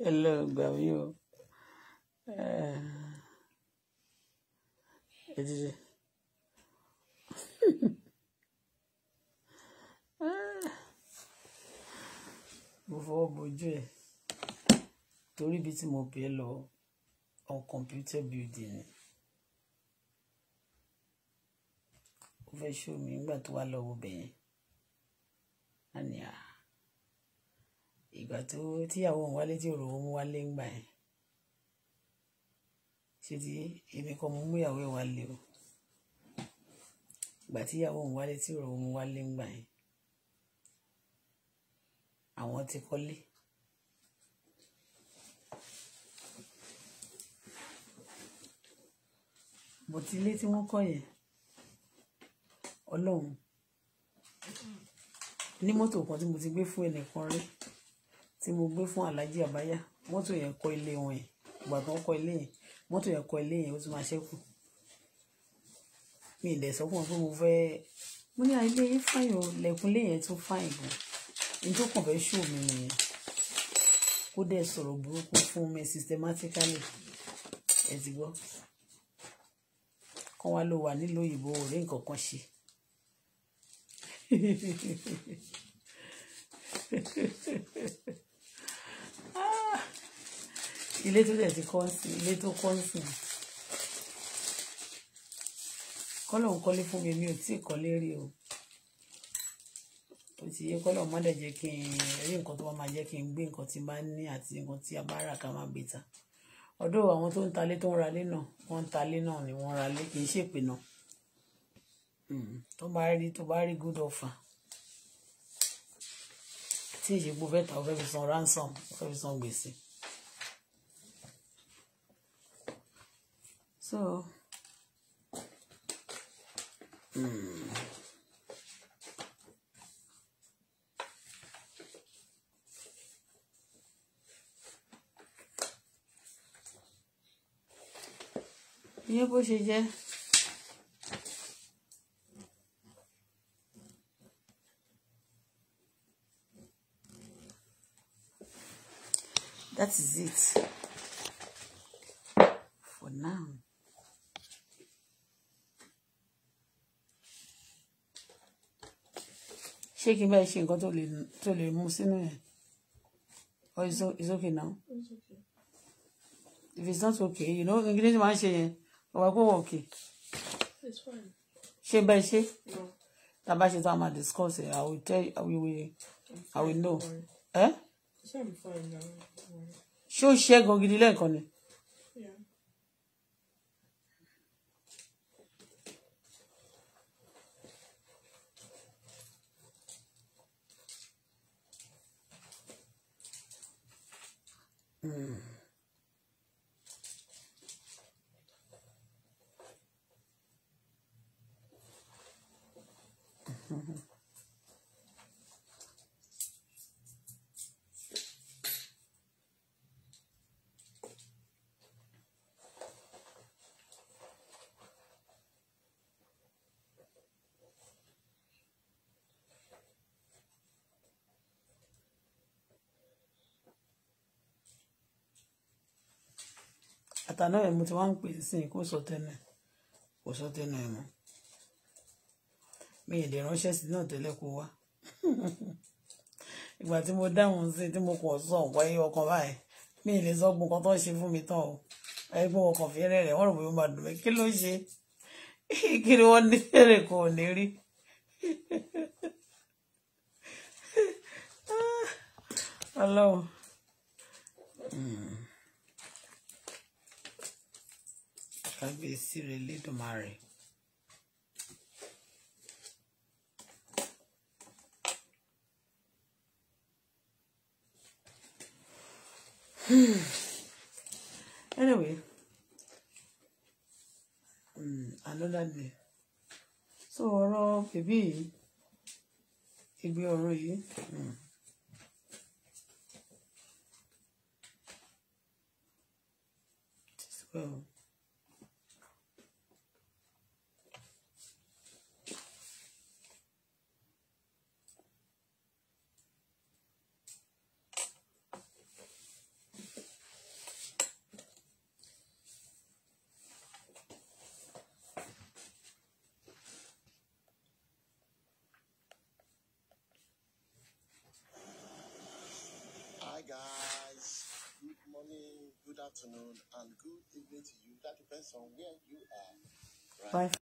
ẹ lọ gbà mí o ẹ jíjẹ. mo fọwọ́ bojú ẹ̀ torí ibi tí mo bẹ̀ lọ on computer building ni. fẹ́ ṣó mi nígbà tó wá lọ́wọ́ bẹ̀yẹn àníyà ìgbà tó tíyàwó òun wálé tí òrò òun wálé ń gbà yẹn ṣe ti èmi kọ́ mo mú ìyàwó ẹ̀ wálé o ìgbà tíyàwó òun wálé tí òrò òun wálé ń gbà yẹn àwọn ti kọ́lé. bọ̀tílé tí wọ́n kọ́ yẹn ọlọ́run ní mọ́tò kan tí mo ti gbé fún ẹnìkan rí tí mo gbé fún aláàjì àbáyá mọ́tò yẹn kọ́ ilé wọn yẹn ìgbà tó ń kọ́ ilé yẹn mọ́tò yẹn kọ́ ilé yẹn ó tún máa ṣẹ́kù mi ì dẹ̀ sọ fún wọn pé mo fẹ́ mo ní ilé yẹn fáyìn o lẹ́kùn ilé yẹn tún fáyìn gan ní tó kàn fẹ́ ṣó mi nìyẹn kó dẹ̀ sọ̀rọ̀ burúkú fún mi systematically ẹ̀ ti gbọ́ kán wá ló wà nílùú òyìnbó ò nǹkan kan ṣe. Ah, ilé tó dẹ̀ ti kọ́ sí ilé tó kọ́ sí kọ́lọ́hún kọ́lé fún mi mi ò tí ì kọ́lé rí o ó ti yẹ kọ́lọ́hún má dẹ̀ jẹ́ kí n rí nǹkan tó bá máa jẹ́ kí n gbé nǹkan tí n bá ní àti nǹkan tí a bá rà ká máa gbé ta ọ̀dọ̀ àwọn tó ń talé tó ń ralé náà wọ́n ń talé náà ni wọ́n ralé kì í ṣèpè náà. Hmm, tó bá rí tó bá rí good offer tí ìṣègbò fẹ́ ta ó fẹ́ fi san ransom ó fẹ́ fi san gbèsè. so mm. ìyẹn bó ṣe jẹ́. that is it for now. ṣé kí n bá ṣe to the lè tó lè mú sínú ẹ̀ is okay now it's okay. if it's not okay you know English ni tí màá ṣe yẹn ọba kó wọ̀ òkè ṣé bẹ́ẹ̀ ṣe tá a bá ṣe tó i will tell you i will i will know. Eh? ṣé ó ṣe gan gidi lẹ́ẹ̀kan ni. Mm. àtàná ẹ̀ mo ti wá ń pè sí kó sọ tẹnu ẹ̀ kó sọ tẹnu ẹ̀ mọ́ mi ì lè ránṣẹ́ sí náà tẹ́lẹ̀ kó wá ìgbà tí mo dáhùn sí tí mo kọ̀ sọ wáyé ọkàn báyìí mi ì lè sọ gbogbo kan tó ṣe fún mi tán o ẹgbẹ́ wọn kàn fi rẹ̀ wọ́n rò pé ó máa dùn mí kí ló ṣe kí ni wọ́n ní fẹ́rẹ̀ kò ní rí ah, ọlọ́run. Hmm. kábíyèsí rẹ lédùmarè. Hmm. Anyway, mm, another day. So ọ̀rọ̀ bèbí hmm. it be already. yìí. Mm. Just go. afternoon and good evening to you. That depends on where you are. Right? Bye.